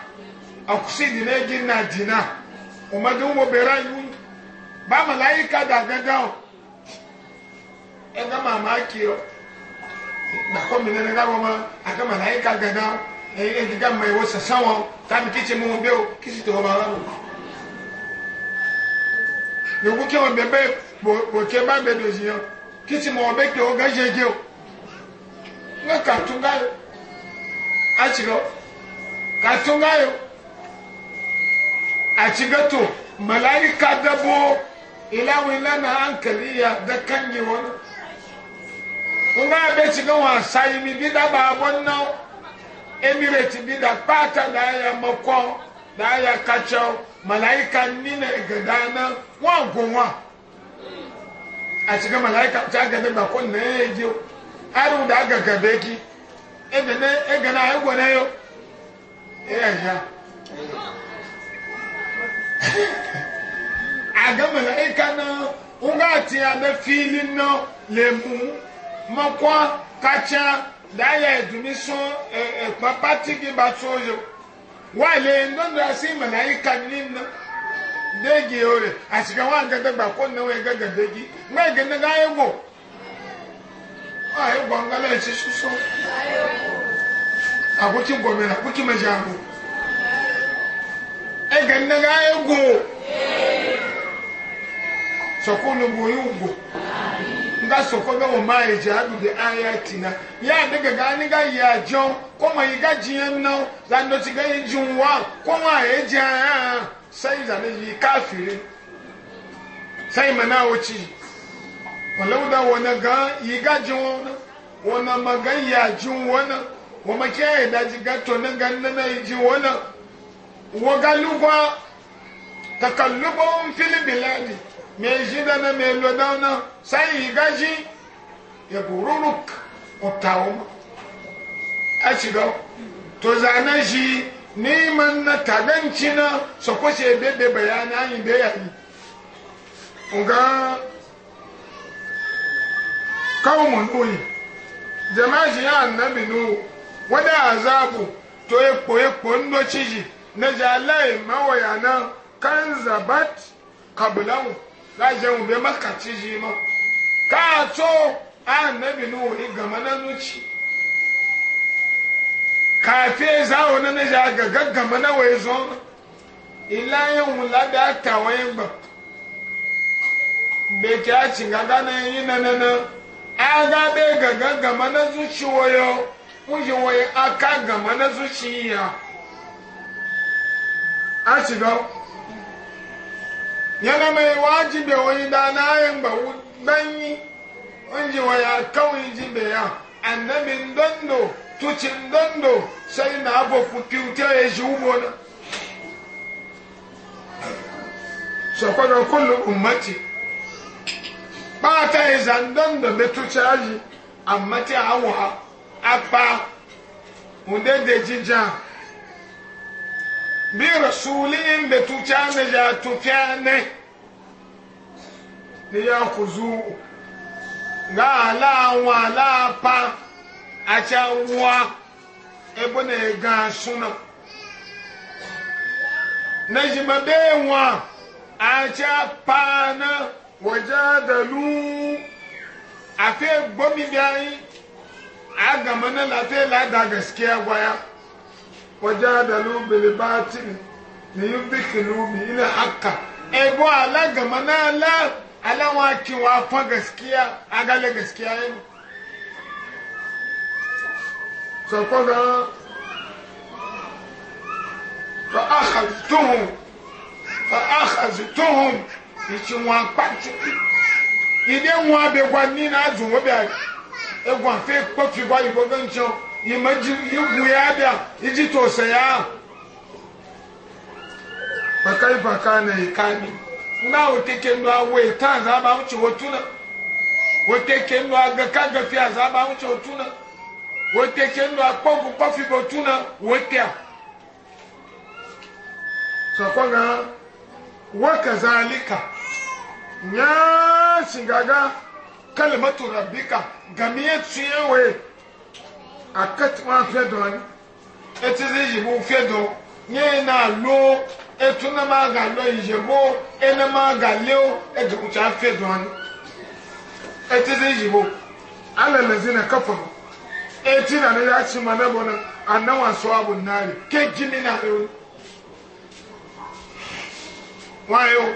akusi dina egi na dina omagi wo bera yu ba malaika da gada o ɛga mama aki o nakɔ mi nana ɛga wɔma aga malaika gada o ɛyɛ ɛga mma ɛwɔ sasa wɔn tabi kitchen mu bi o kisi tɛ wɔma ala mo yogu kɛ wɔn bɛ bɛ bɔ bɔ ba bɛ do zi yɛ mu wɔn bɛ kɛ wɔn gɛ yɛ yɛ o nga katungayo achiro katungayo achigato malaika dabo ilawi lana hankali ya da kangi wani nga abe chiga wa sayi mi bida ba abonna emirate bida pata da ya makon da ya kachau malaika nina gadana wa gonwa a chiga malaika ta gada ba kon na ya yi arụ da gagabe gị na anyị gwere yo ya agamala ịka na nga ya na fili na lemu makwa kacha da ya edumi so ekpa e, pati gị batu yo wale ndondo asị mana ịka nina degi ore asịga wa ngagagba ko na wee gagade gị nwa eganaga anyị gwọ ayi gbangala yi ti soso akoki ah, gomina akoki eh, majago ege nnega ego soko nubu yi go nga soko bɛ wɔ maa yi gyaa do de aya tina yaa de gaga ne ga yi agyɔn kɔma yi ga gyeɛ nnɔn zandoti ga yi gyi wa kɔma a yɛ gyaa sɛyi zane yi kaafiri sɛyi mɛ naa wɔ kyi. walau da wani ga yi gajin wani wani magan yajin wani wani kiyaye daji gato na ganin na yi ji wani wagalugwa takallubon filibilani mai ji da na mai loda na sai yi gaji ya bururuk otawo a shiga to zane shi neman na taganci na sakwashe bebe bayana yi da yayi kaumun ɗoyi jama'a shi ya annabi nu wani azabu to ekpo ekpo ndo ciji na jalai mawaya na kan zabat kabilawu za jẹun bẹ maka ciji ma kaato annabi nu igama na nuci kafe zawo na na ja gaga gama na wai zo ila yin wula da ta wayin ba beke a cin gaga na yi na na na aga be gaga gama na zuci wayo muje waye aka gama na zuci ya a shiga yana mai wajibi wani da na yin ba danyi muje waya kawai jibe ya annabin dando tucin dando sai na abu kyauta ya shi ubo na sakwada kullum ummati kpaata yi zandan da bɛ tutsɛ ayi amati awɔ akpa ŋunde de jinjan bi rasuli in bɛ tutsɛ ne ya ya kuzu nga ala awɔ ala apa acha wɔ e ebo ne gan suna ne yi ma bɛ wɔ pa na wajadalu afe gbomi biyayi a gama na lafe lada gaskiya gwaya wajadalu bilibatin ni yi bikilu mi ina haka ebo ala gama na ala ala wa kiwa fa gaskiya agala gaskiya yin sakwa ga fa akhadtuhum fa akhadtuhum ichi nwa mkpachi ide nwa abịagwa niile azụ nwebịa egwu mfe kpọkigwa igbo be nchọ igwu ya abịa iji tose ya ahụ maka ibaka na ikani ndị ahụ teke ndụ awe taa zaba uche otuna woteke ndụ agaka gafi azaba uche otuna woteke ndụ akpọgwụ kpọfi otuna wote a sọkwa ga wakazalika nya shingaga kalimatu rabbika gamiye tsuyewe akat wa fedo ni eti zi yibu fedo nye na lo etu na ma ga lo yebo ene ma ga leo ejukuta fedo ni eti zi yibu alalazina kafaru eti na ya ci na bona annawa sawabu nari ke na yo wayo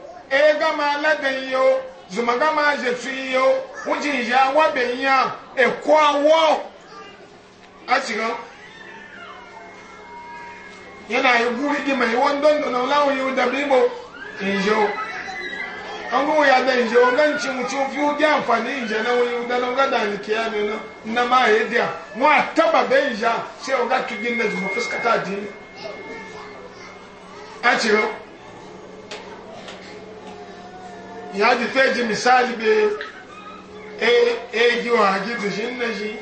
ega ma aladan yo zumaga ma jefi yo wujin wa wabe ya ekwo awo a shiga yana yi guri di mai wandon da naulawun yi da bibo injo an guwa ya da injo gan ci mutum fi wudi amfani inje na wani wuda na gada ni kiya ne na na ma ya diya mu a taba bai inja sai o ga tugin na zuma fuskata di a yaji feji misali be e e ji wa haji to shin na shi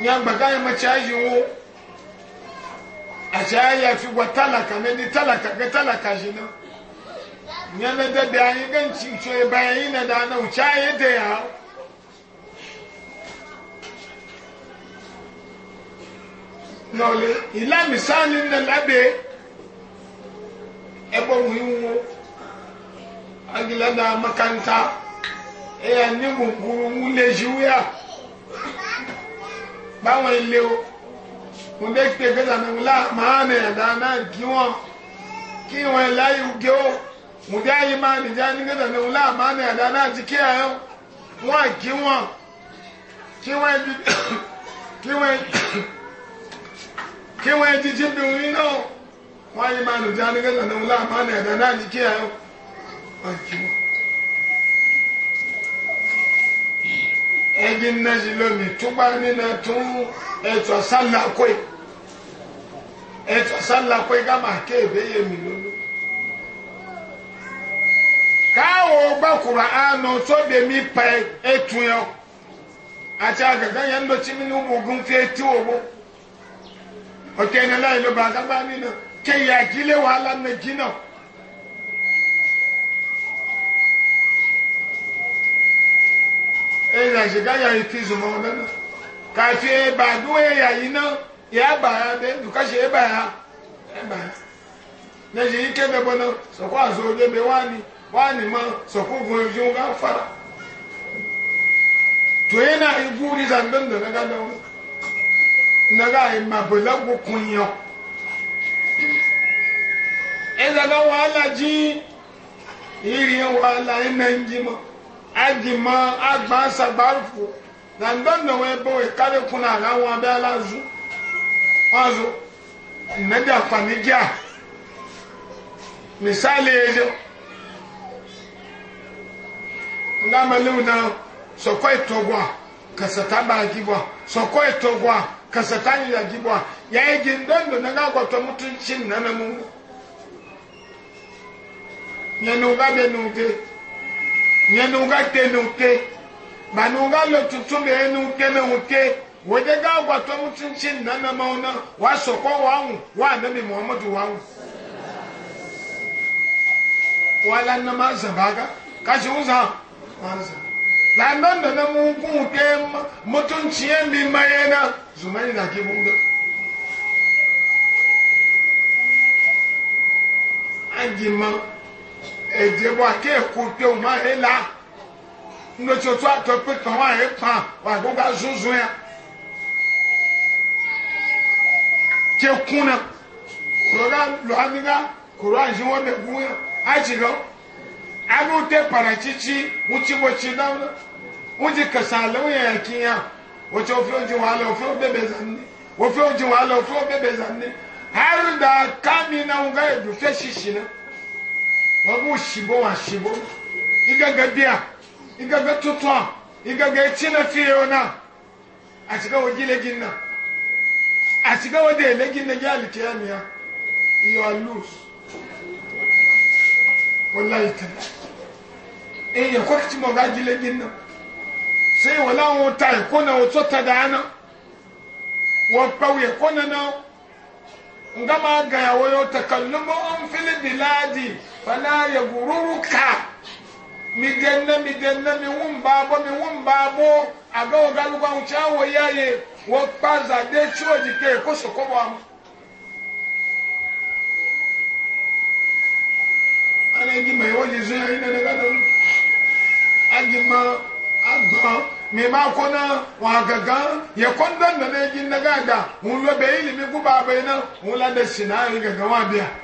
ya gbaga ya mace aji wo a ci ya fi wa talaka ne ni talaka ga talaka shi na ya na da da yi ganci to ya e bayan yi na da na wuce ya da ya nọle ìlà misali na labe ẹgbọn e wiwo agila da makanta eya ni gunguru wule juya báwọn ilé o mo dé pé gbèsè àná wula màá nà ẹ̀dá náà kí wọn kí wọn láyé uge o mo dé ayé máa nìjà ní gbèsè àná wula màá nà ẹ̀dá náà ti kí ayọ wọn kí wọn kí wọn ju kí wọn kí wọn jíjí bí wọn yín náà wọn ayé máa nìjà ní gbèsè àná wula màá nà ẹ̀dá náà ti kí ayọ. ebi nnaji lomi tụgba nina tụ etu salakwe etu salakwe gama ka ebe ya emi lolu ka ahụ gbakwuru anụ tsobemi pe etu ya ati agaga ya ndochi mi na ụmụ ogun fi eti ogbo okenela agaba nina ke ya gile wahala na gina ya shiga e e ya iti zuma wadana ka ce ba duwe ya yi nan ya ba ya be duka shi ya e ba ya ya ba ya na shi yi kebe bana so kwa so oje be wani wani ma so ko gun oje ga fara to yana yi guri zandan da na ga da wani na ga yi mabulagu kunyo e zaga wahala ji iri wahala yi nan adìmọ agbọn sagbarufu na ndọndọwọ ebe o kárẹ kuna ala wọn abẹ ala zu wọn zu nnadi afanigya misali ndị amali maliw na sọkọ itogwa e kasata gbaa bwa sọkọ itogwa kasata gbaa bwa yaayi gi e e ndọndọ na nga gbọtọ mutu nkyi nnanamu nyanu ba bẹ nu ge. nyenu ga tenu ke banu ga lo tutu be enu ke na uke wode ga gwa to mutuncin na na mauna wa so wa hu wa na mi muhammadu wa hu wala na ma zabaga kashi uza wanza la nan da na mu ku ke mutunci en bi mayena zumani na ke bunga anjima edebo ake ekote o ma he la ŋdɔtsi otu atɔ pe kan wa he pan wa gbogbo azuzu ya tse kun na kuro ka lɔ amiga kuro azi wɔn de gun ya atsi lɔ alo te paratsitsi ŋutsi bɔ tsi dam na ŋutsi kasa alewo yɛ kiya wotsi wofi wotsi wa ale wofi wo bebe zan ne wofi wotsi wa ale wofi wo bebe zan ne hali da kami na ŋu ka edu wabu shibo wa shibo igaga dia igaga tutwa igaga china fiona atiga wajile ginna atiga wade leginna jali kiyamia you are loose wallahi ta eh ya kwakati mo gajile ginna sai wala won ta ko na wo tota dana wo pawe ko na na ngama ga ya wo yo takallumu fil biladi fala ya gururu ka mi ganna mi ganna mi wun babo mi wun babo yaye wo de ciwo jike ko so ko ba mu gi mai wani zuwa ina daga da ma agba mi ma kona wa gaga ya kondan da ne gi daga mun lobe ilimi guba bai nan mun sinari wa biya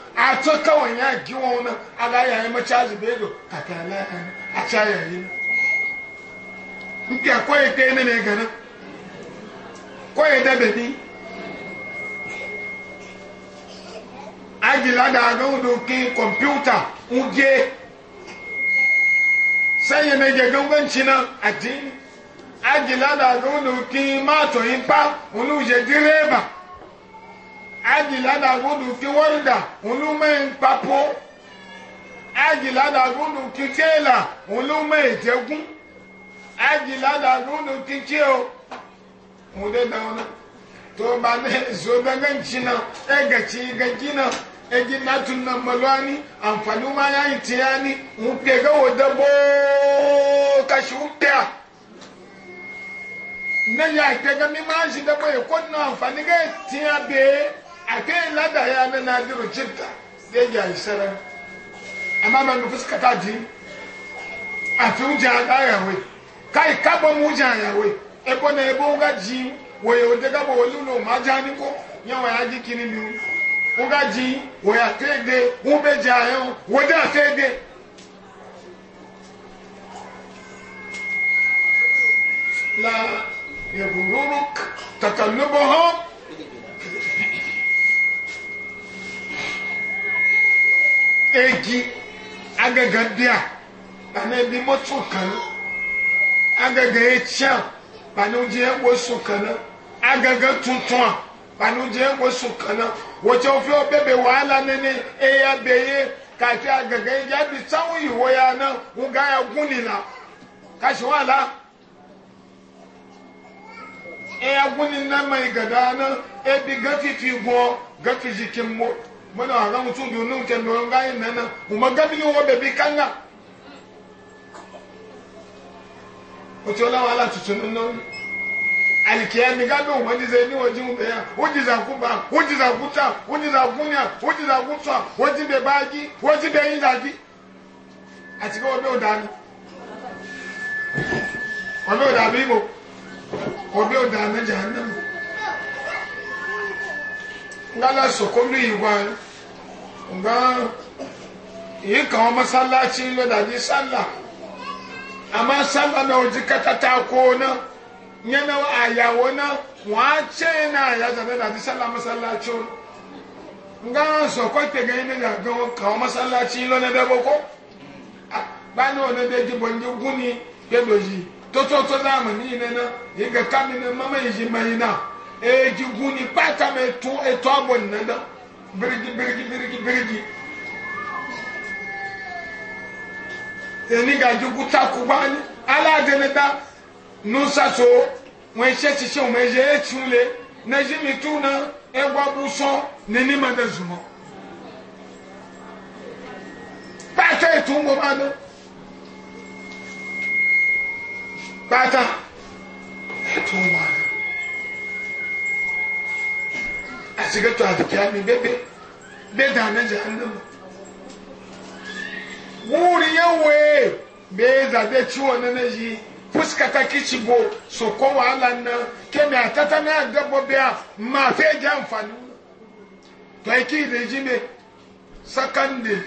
a to kawai ya gi wani a ga yayi macaji bedo a tala a ca yayi nke akwai ta yi bebi agila aga udo kọmputa kwamfuta sanye na ege na adị. agila da aga udo ki ajila da gudu ki warda ulume papo ajila da gudu ki tela ulume itegun ajila da gudu ki cheo mude da ona to ba ne zo da ci e gaci gancina e gina tun na malwani amfani ma ya yi tiyani nke ga wada bo kashi ukiya na ya ke ga mi ma shi da bai kwanan amfani ga ya be a kai lada ya na nadiru jirta zai ga isara amma ban ga fuska ta ji a fi wuja ga yawe kai kaba mu wuja yawe ebo na ebo ga ji waye ode ga bo wolu no ma ja ni ko yan wa ya ji kini ni o ga ji wo ya tede wo be ja yan wo da tede la يغررك تقلبهم egi agaga bia bana ebi mɔtò kan agaga ekyia bana ogye wosu kan agaga tuntun bana ogye wosu kan wɔkyɛ ofi ɔbɛbɛ wàhálà nene eya beye, kàtí agaga eyi abi sáwọn ya na wòga ya gún nìyà kàtí wàhálà eya gún nìyà mẹ na ebi gafi fi gbɔ gafi mo mana a gan mutum biyu nun can don gayin nan nan kuma gabini wa bebe kanga o ti olawa ala tutu nun nan alikiya mi ga don wani zai ni wajen ube ya wajen zaku ba wajen zaku ta wajen zaku niya wajen zaku tsa wajen bai baji wajen bai yin zaki a cikin wabe odani wabe odani mo wabe odani jahannamu ngala sokolu igwa nga yi kan masallaci lo da ji sallah ama sallah na oji katata ko na nye yana ayawo na wa ce na ya zabe da ji sallah masallaci nga sokol pege ina ya ga kan masallaci lo na dabo ko bani ona de ji bonji guni yedoji to to to da mani ne na yi ga kan kamina ma yi ji mai na eji guni pata me tu eto abo nanda birigi birigi birigi birigi eni ga jugu taku bani ala dene da nusa so wọn ṣe ti ṣe wọn ṣe etu le neji mi tu na egwa bu so nini ma da zumọ pata etu mo ba do pata etu mo ba do. a shiga to a dukiya mi bebe be da na jahannama wuri yawe be da be ciwo na na ji fuska ta kici bo so ko wahala na ke me atata na gabo be a ma fe ji amfani to ai ki da ji me sakande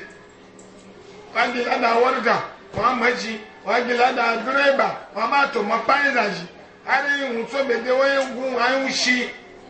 wani ana warda wa maji wa gila da direba wa ma to ma panza ji ari un so be de wo gun ai un shi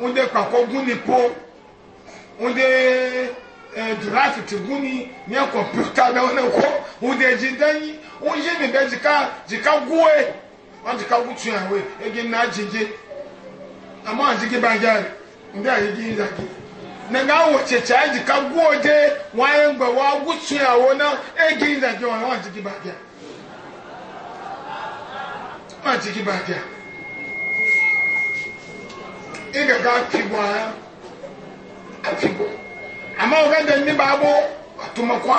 wunde kpakɔ guni po wunde ɛɛ eh, draft ti guni nye kɔmputa ɖe wone ko wunde dzi de nyi wunye mi bɛ dzika dzika goe wọn dzika gu tu yawe egi na dzidzi amewo adzigi ba dza ŋdɛ ayigi yi zaki nenga wo tsetse adzika goe de wọn ye ŋgbe wọn gu tu yawo na egi yi zaki wọn adzigi ba dza wọn adzigi ba dza. Ị ga aga pigbo anya apigbo ama ụga dị ndị bụ agbụ atụmakwa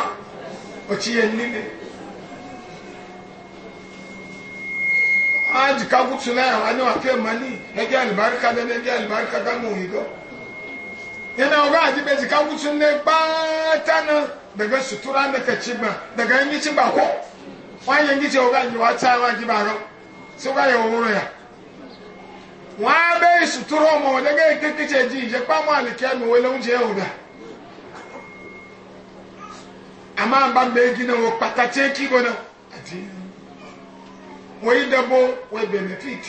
ochiye nile aji kagutu na yawa ne wafe mani na gya albarka da na gya albarka ga mu higo yana ga aji bezi kagutu ne bata na daga sutura da ka ci ba daga yin ci ba ko wanyan gice ga yi wata wa ji ba ga ya ọhụrụ ya wọ́n á sutura ọmọ ọ̀dẹ́gẹ́ kékeré jí ìjẹ́pá mọ́ àlèkè ẹnu wọlé oúnjẹ òdà àmọ́ àbá méjì náà wọ́n pàtàkì kí gbọ́dọ̀ àti wọ́n yí benefit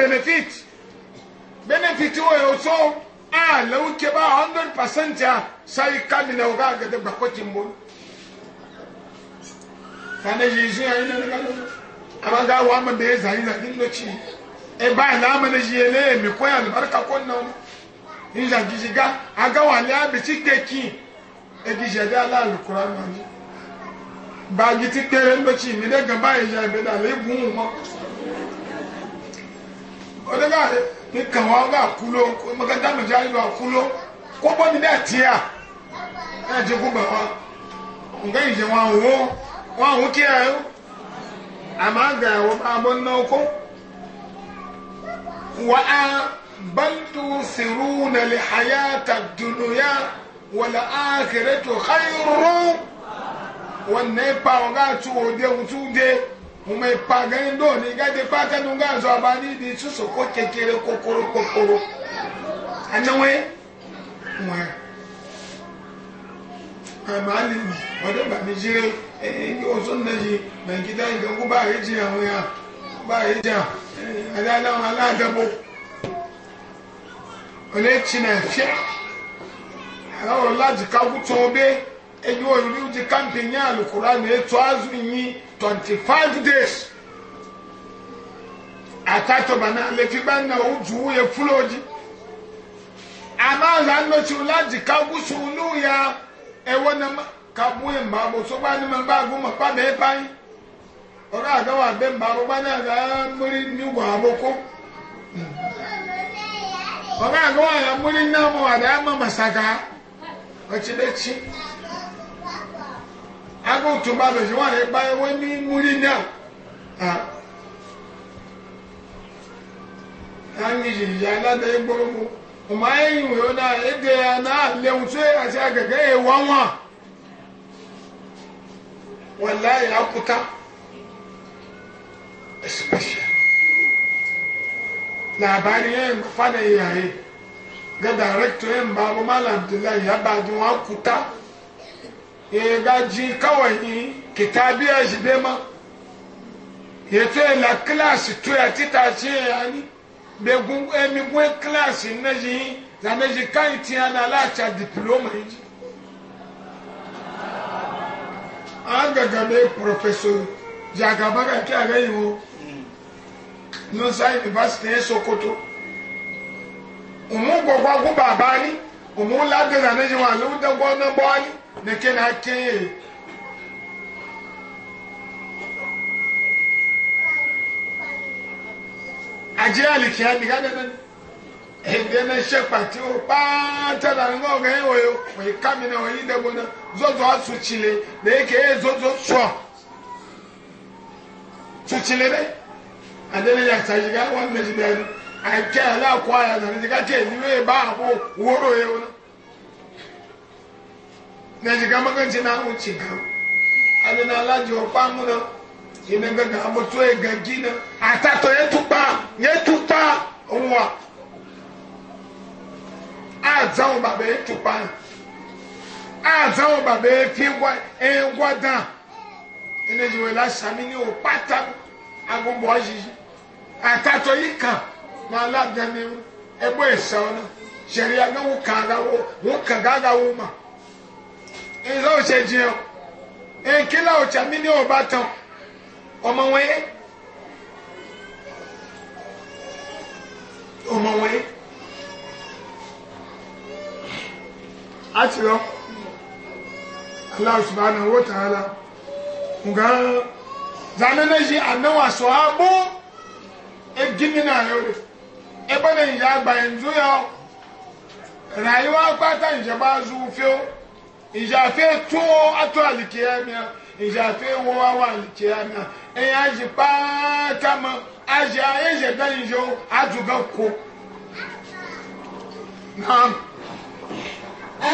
benefit benefit wọ́n yóò tó a lẹ́wọ́n kí hundred a sáyé káàdì náà wọ́n bá ti mọ́ fàdé yìí sún yà ya náà yìí. ebe anyị na-amana ihe na emi ya albarka ko na mu inja gijiga aga wale abi ti keki ala gi ti tere ndo chi mi de gan ba ebe da le gun mo ga wa ga kulo ga ja lo kulo ko na ni je ku ba ama ga wo ba bo na وأ بل تؤثرون الحياة الدنيا والآخرة خير والنبا وغاتو وديو تودي ومي باغان دوني غادي باغان غازو اباني دي سوسو كوكيكيري كوكورو كوكورو انا وين وين àmàlìmù ọdẹ bàmí jíire ẹni ọsọ nàìjí nàìjíríà ìgbàgbọ́ bá àríjì àwọn yàrá báyìí jà adáláwọn aládàbò ọlẹ́tì náà fẹ́ àwọn láti káwù tó bẹ́ ẹni olùrí ti kámpì ní àlùkùrá ní ètò azù ní twenty five days àtàtọ̀bà náà lẹ́fi bá náà ó jù ú yẹ fúlọ́ọ̀jì àmọ́ àlànà tí o láti káwù sùn lóya ẹ̀wọ́n náà kàbú ẹ̀ mbàbò sọ́gbà ni mo bá gún mọ́ pàbẹ́ báyìí. ọga agawa be mba arụgba na aga mmiri ndị ugwu abụkụ ọga agawa ya mmiri nne amụwada ama masaka ọchidechi aga ụtụba dozi nwaanyị gba ewe ndị mmiri ndị a ha ndị jiri ya nada egborogbo ụmụ anyị nwere onye a Ede ya na-alị nwụtụ ya si agaga ewa nwa wallahi ya especially labari yin fada yayi ga director yin babu malam abdullahi ya baji wa kuta ya gaji kawai yi kitabiya shi be ma ya ce la class to ya tita ce ya ni be gun emi gun class na ji zame ji kan ti ana la cha diploma ji an gaga be professor jagaba ka ki aga yi wo nusa yunifásitì ní sokoto òun gbogbo agún bàbá ni òun ládùn náà méjì wọn àlọ́ dẹ́gbọ́ náà bọ́ ni nìkẹ́ náà kéye. àjẹ́ àlìkíá nìkan dẹ́dẹ́ ni èdè náà ṣe pàtí o pátá náà ní ọ̀gá ẹ̀ wọ̀nyí wọ̀nyí kámi náà wọ̀nyí dẹ́gbọ́ náà zozo asùn chile lèkè zozo sọ̀ tún chile dẹ́ adele ya sayi ga wan na jibe ni a ke ala ko aya na ni ga ke ni we ba ko woro ye wona na ji ga magan ji na mu ci ga ale na ala ji o pa mu na ye na ga ga mo to e ga gi na ata to ye tu pa ye tu pa wa a za o ba be tu pa a za o ba be fi gwa e gwa dan ene ji we la sami ni o pata agbo bo ajiji akato yi kan na aladani ebo esawo na sariya na wo kan ga wo wo kan ga ga wo ma nza o se jiyan nkila o tsa mi ni o ba tan ọmọ wọn ye ọmọ wọn ye a ti lọ alahu wo ta la nga zanana yi anawa sọ abo egimi na yore ebe na ìyá àgbà ya rayuwa pátá ìjọba zuwufio ìjàfẹ́ tó ató àlìkìyà mi ìjàfẹ́ wọ́n wá wà àlìkìyà mi ẹ̀yà àjì pátá mọ́ àjì àyẹ̀jẹ̀ dá ìjọ àdùgán kó. نعم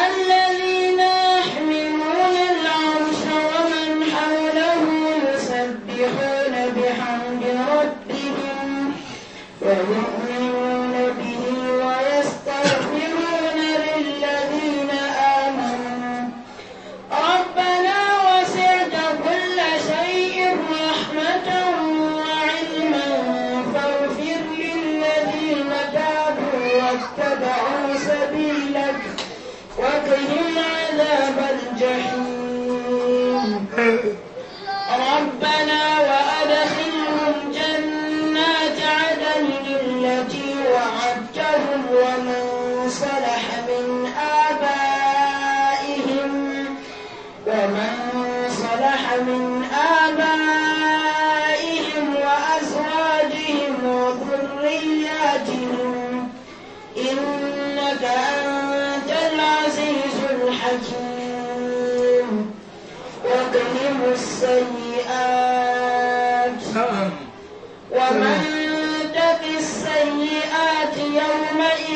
الذين يحملون y e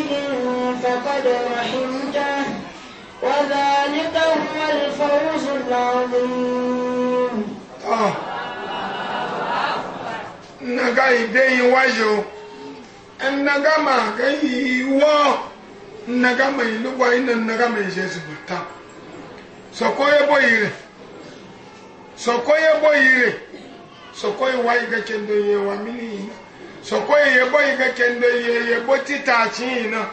شيء فقد رحمته وذلك هو الفوز العظيم ah. naga ide iwayo naga ma ga iwo naga ma iluwa ina naga ma ise sibuta sokoye boyire sokoye boyire sokoye wa iga kendo yewa mini ina sọ̀kọ́ ìyẹ̀bọ́ ìgbẹ́kẹ̀ ndo ìyẹ̀bọ́ títà àchíyìn náà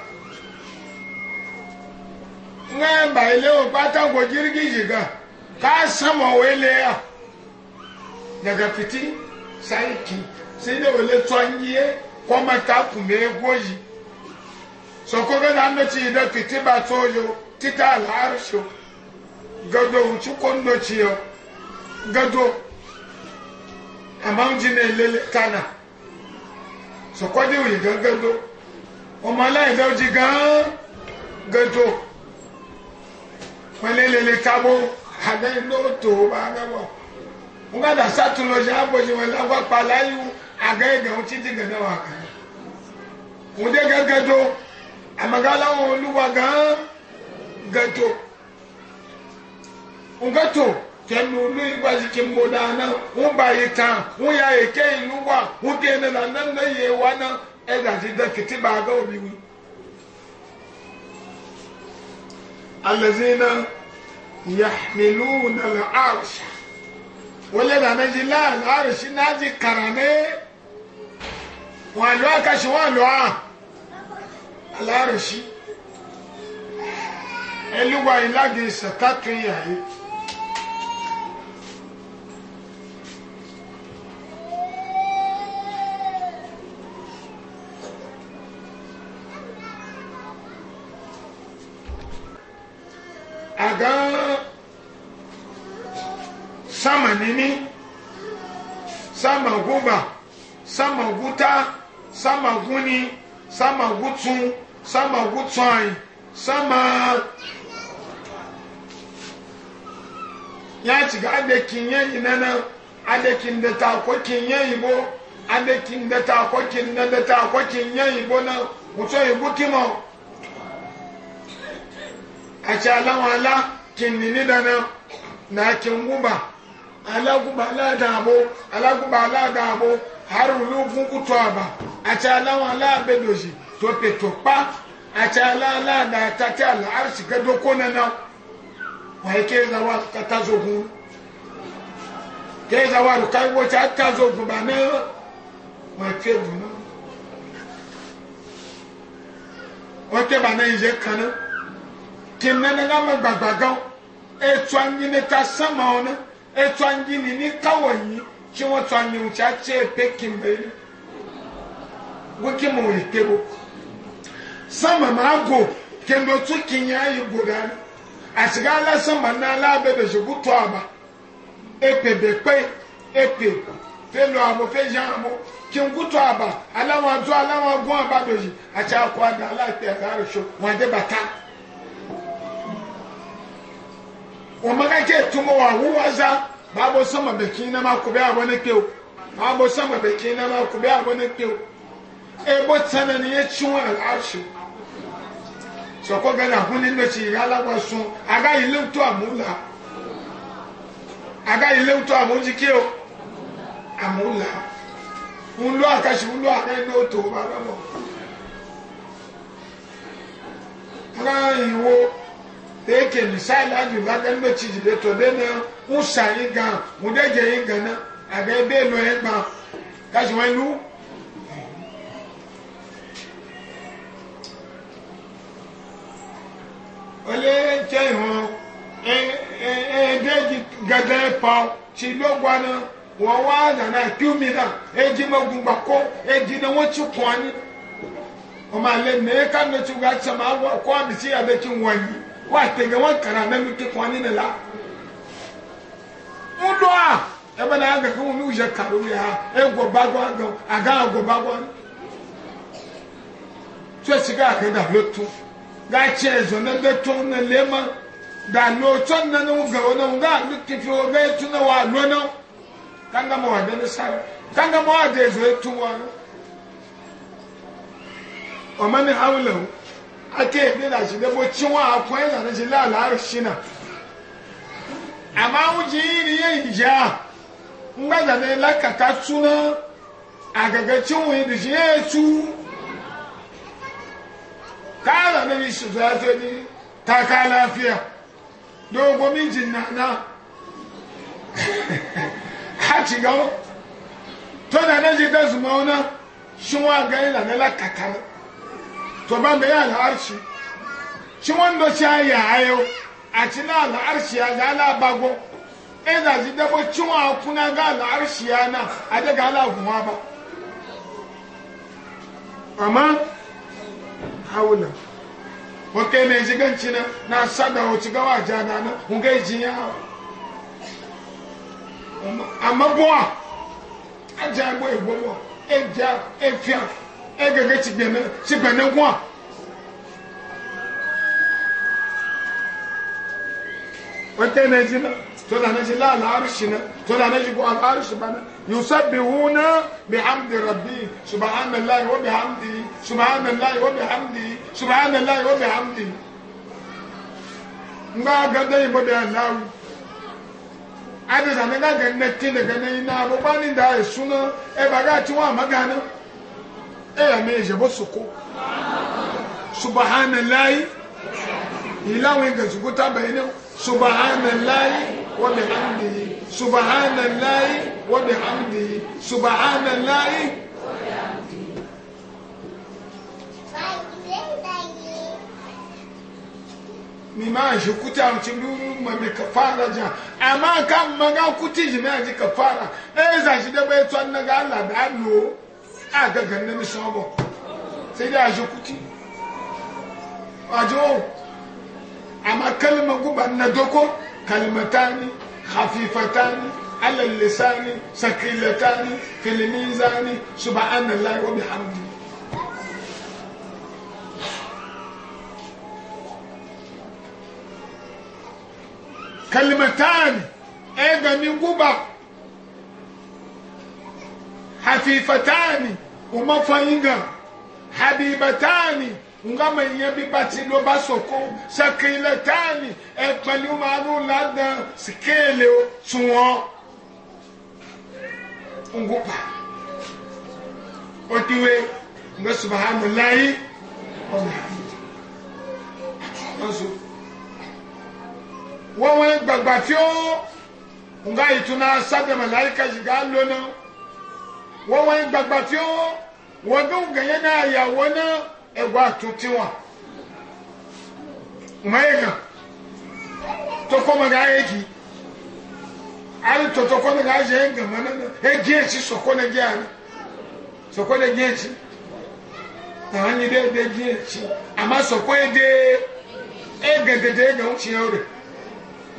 nga mba ile o pata ko jirgi jiga ka sama wele ya daga fiti saiki sai da wele tsangiye ko mata ku me goji so ko ga nan da ci da fiti ba tojo tita gado uchu kondo ciyo gado amma sọ̀kọ́dé òye gángan tó ọmọ aláìdá ojì gángan tó pẹ̀lẹ́lẹ́lẹ́ tábó àdáyébó tó bá gbọ́ wọ́n bá dà sátúnlọ́jà àbọ̀jì wọn lágbá paláyú àgáyégan ohun títí gànà wà kàn wọ́n dé gángan tó àmàgáláwọ̀ olúwa gángan tó nǹkan tó kẹlu lu igbazike mboda na ŋun ba yi tan ŋun ya yi kẹ ilu wa ŋun kẹ ne na ne ne ye wa na ẹ e da ti da kiti ba ga obi wi. alazina yahmilu na la arsa wọlé na ne yi la la arsa na ti kara ne wọn alo a wọn alo a ala arsa ẹlu e wa yi la ge yà yi. aga sama nini sama guba sama guta sama guni sama gutu sama gutsoi sama ya ci ga adekin yayi nana adekin da takokin yayi bo adekin da takokin na da takokin na gutu yayi gutimo atse alawọn ala kene dị na na na a kene wụba ala guba ala da abụ ala guba ala da abụ ha ruru wụ nkwutu a va atse alawọn ala bedozi dọpeto ala ala na-ata tia ala a sige dọko na na ọ nwanyi keezawa katazogun keezawa nke iwotse atazogun na na ọ ọ tìmẹ́ni ká mọ gbàgbà gan ètò anyini ká sánmà ọ̀nà ètò anyini ní káwọ̀ yìí tí wọ́n tó anyini tí a tẹ́ ẹ̀pẹ́ kìmẹ́lì wíkìmù ìkéwò sánmà máa gò kendo tó kìnyà ayé gò dání àsìkò alẹ́ sánmà náà alábẹ́bẹ̀ ṣòkú tó àbá ẹ̀pẹ̀ bẹ̀ pẹ́ ẹ̀pẹ̀ fẹ́ lọ àbọ̀ fẹ́ yá àbọ̀ kinkutu aba alawọn adzo alawọn agun aba dozi ati akɔ ada alaafee agarisho wọn adi bata. umaga ke tumo wa huwaza babo sama beki na ma kube abone keu babo sama beki na ma kube abone keu ebo tsana ne yechuwa al'arshi so ko gana huni no ci yala wasu aga ile to amula aga ile to amuji keu amula unlo akashi unlo aga no to baba mo aga iwo da yake misali an yiwuwa ɗan da ci jibe to bai na un sayi ga un da je yi ga na a ga bai lo ya gba kashi wani lu ole ke ihun ẹ̀ẹ́dẹ́gì gẹ́gẹ́ pa ti ló e gba e na wọ́n wá nana kíw mi náà èjì mọ́ gbùgbà kó èjì ni wọ́n ti kàn án ní ọmọ àlẹ́ mẹ́ẹ́ká ló ti wá sàmà kó àmì sí abẹ́tí wọ̀nyí wa tege wọn kana mẹ mi ti kwan ne la mo oh, eh, a ebe na aga kan mi yẹ karo mi ha egbo bago agan agan agbo bago tí o sì ká àkàndà ló tó gàtsi ẹzọ náà bẹ tó na lé ma dàlú tó na ní wọn gàwọ náà wọn gà ló ti fi wọn bẹ tó na wà lọ náà kanga ma wà dé ní sáré kanga ma wà dé ẹzọ tó wọn ọmọ mi hàn ake ne da shi dabo cinwa akwai zane shi lalar shi na amma wuce yi ni yi ja ngba zane lakaka tuna a gaga cinwa da shi ya tu ka zane shi za ta ni ta ka lafiya dogon mijin na na ha ci gawo to da na ji da zuma wana shi wa ga yi zane lakaka to ban da ya al'arshi shi wanda shi ya hayo a ci na al'arshi ya ga ala bago e za ji dabo cinwa kuna ga al'arshi ya na a daga ala kuma ba amma haula wake ne jiganci na na sada wuce gawa jana na hungai jiya amma buwa a jagbo egbobo e ja e fiya egege tsigbene tsigbene gua wote ne dzi na to la ne dzi la ala arishi na to la ne dzi gua ala arishi ba na yusabbihuna bihamdi rabbi subhanallahi wa bihamdi subhanallahi wa bihamdi subhanallahi wa bihamdi ngba gada yi bobe alawi adisa ne ga gane tine gane ina abubuwa ni da esuna eba ga ti wa magana eya mi ìṣẹ̀bọ̀ sòkó subahánàláyé ìláwọn ìgbà sòkó tábàáyé náà subahánàláyé wọ́n bẹ̀ hàmdì yìí subahánàláyé wọ́n bẹ̀ hàmdì yìí subahánàláyé. ni ma shi kuta mutum duru ma mai kafara jan amma kan maga kuti shi na ji kafara ɗaya za shi da bai tsohon na ga Allah da allo a ah, gangan na misan bɔ sai dai a ji kuti a ji o amma kalmar guban na doko kalmatani hafifatani alal lisani sakilatani filimizani subhanallahi wa bihamdi kalmatani e eh, gamin guba hafifatani wọ́n fọyín gan habibatani nga ma nye bi bati lo ba soko sakilatani ẹgbẹni o máa ló ladan sikeele o tún wọn ngo pa o diwe nga subahana layi ọmọ ọsọ wọn wọn gbàgbà tí ó nga ìtúná sábẹ màláyíkà yìí gà lónà wọn wọn gbàgbà tí ó. wọ́n gẹ̀yẹ́ náà yàwó náà ẹ̀gbọ́ àtúntí wọn mẹ́yìnà tó kọ́mọ̀gá ẹ̀jì alùtọ̀tọ̀ kọ́mọ̀gá ẹ̀jì ẹ̀gẹ̀mọ́ náà ẹ̀jì ẹ̀jì sọ̀kọ́nẹ̀jì àná sọ̀kọ́nẹ̀jì ẹ̀jì àwọn yìí dé ẹ̀jì ẹ̀jì àmà sọ̀kọ́ ẹ̀dẹ́ ẹ̀gẹ̀dẹ̀dẹ̀ ẹ̀gẹ̀ ń tiẹ̀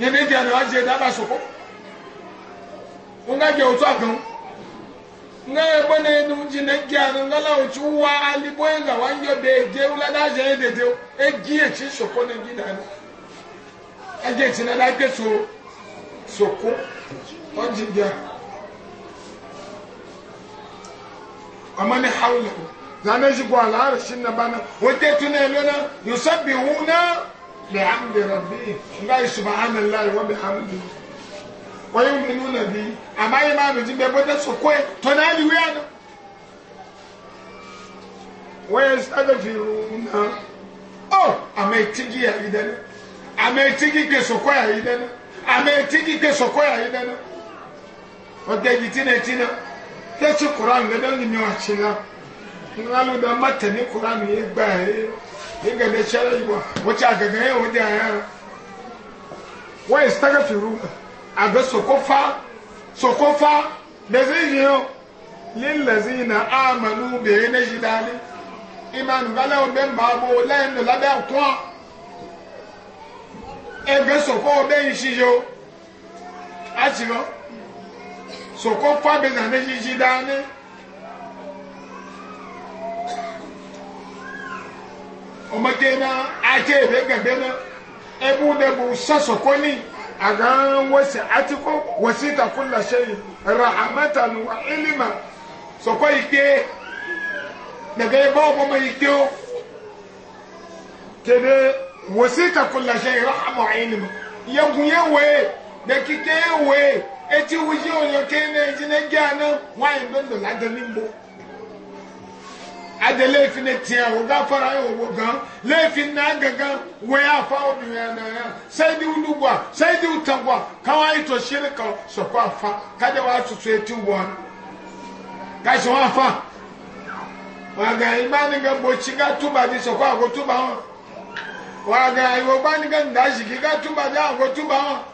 rẹ̀ ní ìdí àná wájú ẹ̀dá bá sọ̀kọ́ wọn gá jẹ́ òtún àgbọ̀n nga ye bɔ ji nu dzi ne dze anu nga la wotsi wa alibo ye nga wa yɔ be dze wula da zɛ ye dede o edzi etsi soko ne dzi na ne edzi etsi na da ke so soko ɔdzi dza ɔmɛ ne hawu le o lana zi bɔ ala ara si na ba na o te tu na yosɔ bi wu na le amu de rɔbi nga yi suba hana la yi wɔ wọ́n yóò minú nà bí àmọ́ ayé máa mèjì bẹ́ẹ̀ bọ́tẹ́ sọ̀kọ́ ẹ̀ tọ́nà á nìwé àná. fi rún nà ọ́ àmọ́ ètìgì yà yí dẹ́nu àmọ́ ètìgì ké sọ̀kọ́ yà yí dẹ́nu àmọ́ ètìgì ké yi ni mi wà tsi a, ŋalu dà má tẹ̀ ní kura mi yé abe sokofa sokofa da zai yi yau lillazi na amalu da ya na shi dani imanu gala obe mbabo layin da labe atuwa ebe soko obe yi shi yau a ciro sokofa bai na na shi shi dani ọmọdé náà ajé ìrẹ́gbẹ̀gbẹ́ náà ẹbú dẹ́bu sẹ́sọ̀kọ́ ní agan wasi atiko wasita kula shayi rahamatan wa ilima soko ike daga yi bawa kuma ike o kede wasita kula shayi rahama wa ilima yagun yewe da kike yewe eti wuji onye kene jine gyana wayin dondo ladalin bo ada laifin na tiya wo gafara yau wo gan laifin na gagan waya fa o dunya na ya sai di ulugwa sai di utagwa kawa ito shirka so kwa fa kada wa su su eti wa ga shi wa fa wa ga imani ga boci ga tuba di so kwa go tuba wa wa ga iwo ba ni ga ndashi ki ga tuba da go tuba wa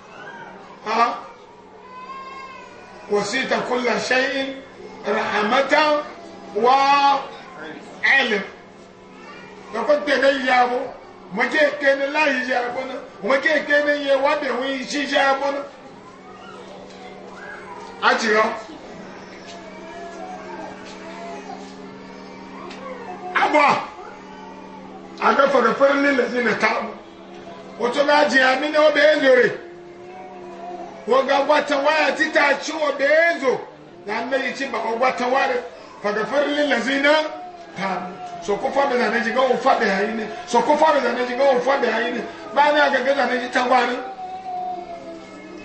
ha wasita kullu shay'in rahmatan wa alim da kun te nan yabo maje ke ne la yi yabo na maje ke ne ye wa de wi shi yabo na ajiro abwa aga fara farin lillazi na tabu wato na ji ami na o obe ezore waga gwata waya tita ci obe ezo da annabi ci ba gwata ware fara farin lillazi na So soko fa be zane ji ga o fa be ha yi ne soko fa be zane ji ga o fa be ha yi ne ba ne aga ga zane ji tangwa ne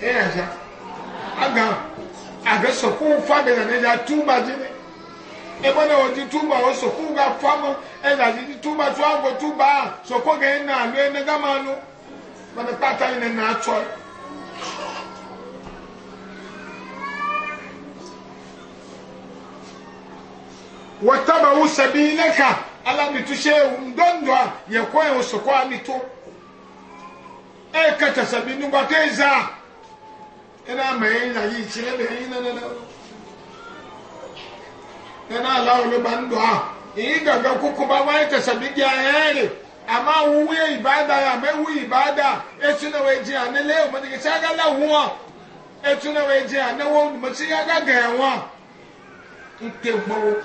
e ya ja aga aga soko fa be zane ji atuba ji ne e ba na o ji tuba o soko ga fa mo e da ji tuba tu ango tuba soko ga e na lo e ne ga ma lo ba ne pata ni na cho watabawu sabilaka ala mitu shehu ndondo yekwe usokwa mitu ekata sabinu bateza ina mayina yichile mayina na na na na na ina lawo le bando ha igaga kukuba waita sabigi ayere ama wuye ibada ya mewu ibada etu na a lee etuna weji anele omadike sagala huwa etuna weji anewo mutiga gaga a nke gbawo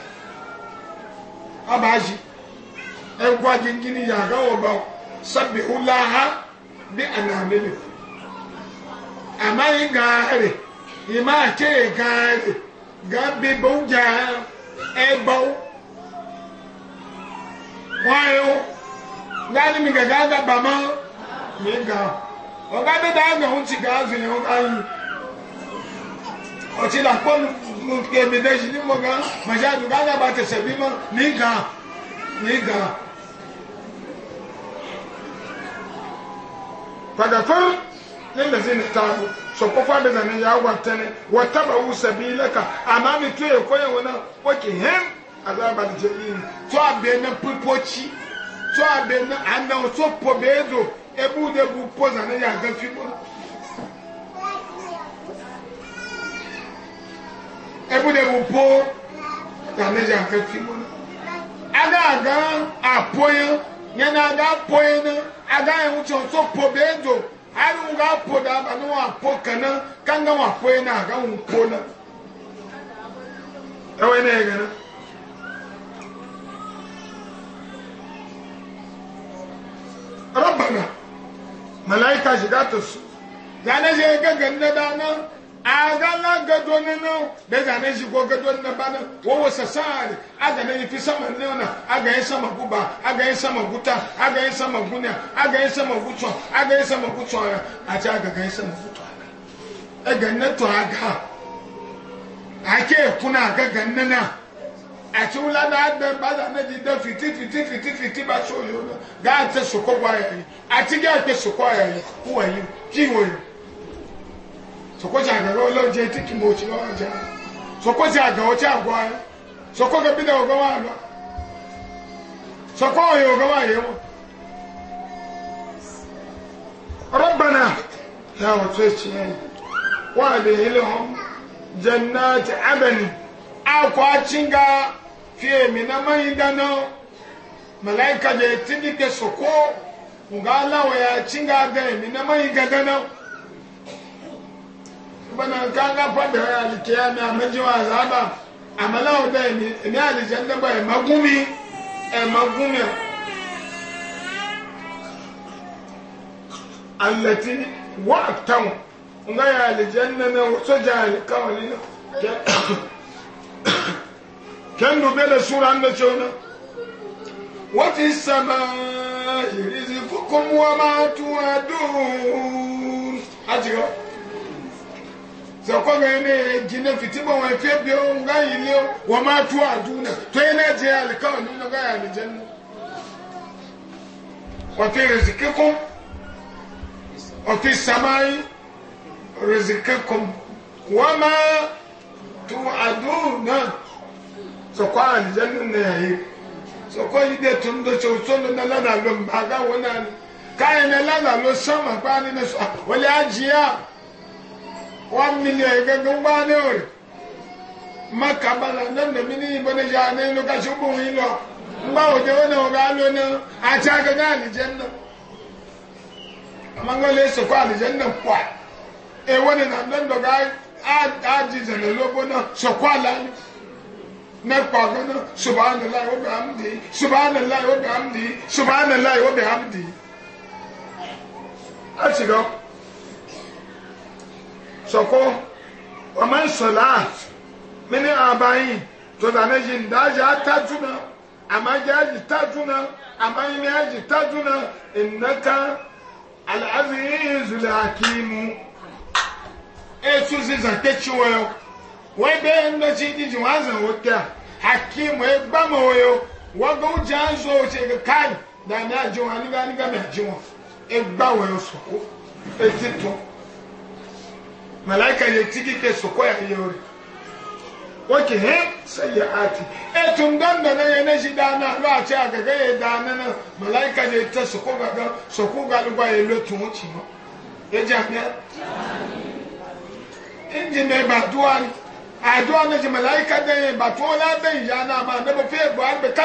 abaji ẹnkwa gingini ya ga wọ ba sabi ulaha bi anamili amayi gaari ima ake gaari ga bibo ja ẹbọ wayo gani mi ga ga ga bama mi ga ọga bẹ da ga hun ti ga azu yẹn ọga yi ọtí là kó èmi méjì ní mo gan màṣẹ àdúgbò àgàbà tẹsẹ̀ bímọ nígàn nígàn. Fagafar nílẹ̀ sí ní taako sọ̀kọ́fọ́ àbẹ̀dà ni yà wà tẹ́lẹ̀ wọ́n tábà wù sẹ̀bi lẹ́ka àmà mi tún èkó yẹn wọn náà wọ́n kì í hẹ́m àdàbà jẹ yìí tó àbẹ̀ ní pípọ́ kyi tó àbẹ̀ ní àná tó pọ̀ bẹ́ẹ̀ dò ebú dẹ́bu pọ̀ zànà yà gẹ́fí mọ́. ebu de wupo ta ne ja ka fi mo aga ga apoyo nye na aga apoyo na aga ewu cho so po bezo ari wu ga po da ba no apo kana kanga wa apoyo na aga wu po na ewe na ega na ربنا ملائكة جداتس يعني جاي جاي جاي agana gadoni no be ga ne shi ko gadoni na bana wo wo sasari aga ne fi sama ne ona aga yi sama guba aga yi sama guta aga yi sama gunya aga yi sama gutso aga yi sama gutso ya a ci aga ga yi sama gutso e ga ne to aga kuna aga ga ne na a ci wula na da ba da ne di da fiti fiti fiti fiti ba so yo ga ta su ko gwa ya yi a ci ga ta su ya yi kuwa yi ki wo yi. sokoji agaga olonje ti kimochi lonje sokoji aga oche agwa soko ga bida ogo wa lo soko oyo ogo wa yewo ربنا يا وتشين وعليه لهم جنات عدن akwa chinga fiye mi na mai dano malaika je tindi soko nga ya chinga ga mi ga bana ka na fa da alkiyami amma jiwa azaba amma lawo da ni ni aljanna ba e magumi e magumi allati wa'tan nga ya aljanna na so ja alkawli kan do bele sọkọ bẹ ne jinɛ fitiba wọn fiyɛ bi o nga yi ni o wọn ma tu a dun na to yi na jɛ alikaw ni ɲɔgɔn ye alijan na ɔfi rezike kom samayi rezike kom wọn ma tu a dun na sọkọ alijan na ya ye sọkọ yi de tun do tso na lana lo mbaga wọn na ni k'a ye na lana lo sama k'a ni ne sọ wọlé one million gangan ba ne maka bala nan da mini bane ja ne lokacin bu wi lo ba o je wona ga lo na a cha ga ga aljanna amma ngole so ko aljanna kwa e wona na dan ga a a ji bona so la na kwa ga na subhanallahi wa bihamdi wa bihamdi wa bihamdi a soko waman salat mini abayin to da na jin da ja ta tuna amma jaji ta tuna amma yi yaji ta tuna innaka al'azizul hakimu e tu si zate ciwo wai be ndo ci di ji wazan wuta hakimu e gbama wayo wago uji an kai da na ji wa ni ga ni ga mai ji wa e malaika ye tigi soko ya yori wake he ati e tun da ne ne shi dana lo ce aga ye dana na malaika ye ta soko ga ga soko ga lu ga ye lo tun ci na ye ja ne ba duwa àdúrà méjì màláìka dẹ́yìn ìbàtú ọlábẹ́ ìyá náà máa dẹ́bọ̀ fún ẹ̀bọ̀ àgbẹ̀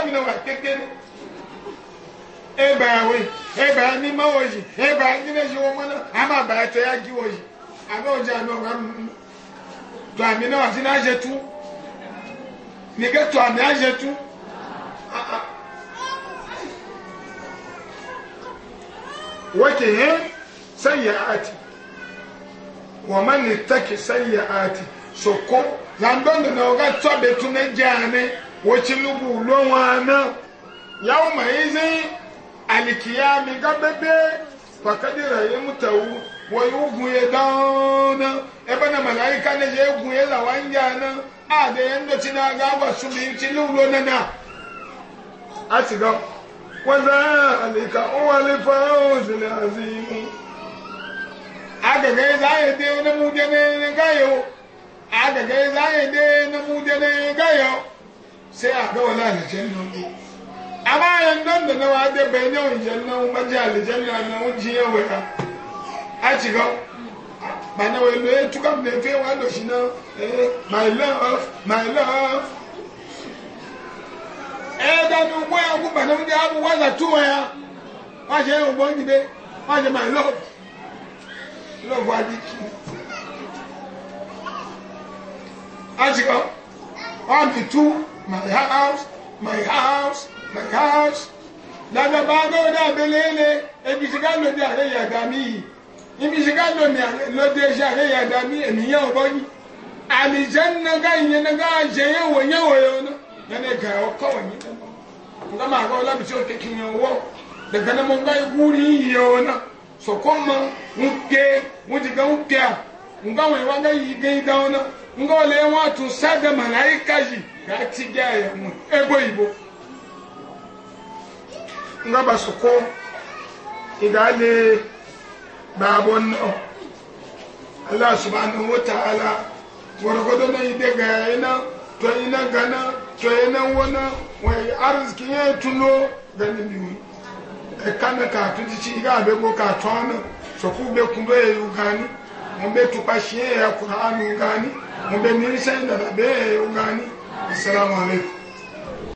ba wà abe o jaabi o ŋan to ami na wa ti na zɛ tu ne ke to ami a zɛ tu wote hɛn sɛyɛ ati wɔn ma ne taki sɛyɛ ati soko landɔndɔ na o ka tɔ de tu ne jaani wotsi nugu lɔnwaana yawu ma yi zi alikiyami ka bebe pakadira yi mu tawu. wọ́n yóò gun ebe na ẹbẹ́ na màláyíká ní yẹ gun yẹ làwa ń yà ná àdé yẹn ń na náà a ti dán wọ́n dá ah, àlèkà ó wà lè fa òṣèlè àti ìmú. agàgà yìí na dé onímú dẹ́nẹ́ ní gáyọ̀ agàgà yìí láàyè dé onímú dẹ́nẹ́ ní gáyọ̀ ṣé àgbẹ̀wò láàyè a ci ga bana wai lo ya tuka mai fe wa lo shi na my love my love eh da nu ko ya ku bana mu da mu wa za tuwa ya wa je o bo ngibe wa je my love love wa di ki a ci ga one be two my house my house my house lana ba go da belele e bi ti ga lo di are ya ga mi ibi shiga lomi lode shari ya dami emi yawon bani alijan na ga yi na ga je yawo yawo yana yana ga yawo kawai ni dan ga ma ga olabi ce ke kin yawo daga na mun ga guri yana so kuma mun ke mun ji ga mun ke mun ga wai wa ga yi ga yi ga wana mun ga le wa tu sada malaika ji ga ti ga ya mun ebo ibo nga ba so ko idale babon no Allah subhanahu wa ta'ala wargodo na ide ga yana to ina gana to ina wana wai arziki ya tuno gani biyu e kana ka tuji ci ga be go ka tona so ku be ku be yu gani mo be tu pashe ya qur'anu gani mo be ni sai da be yu gani assalamu alaikum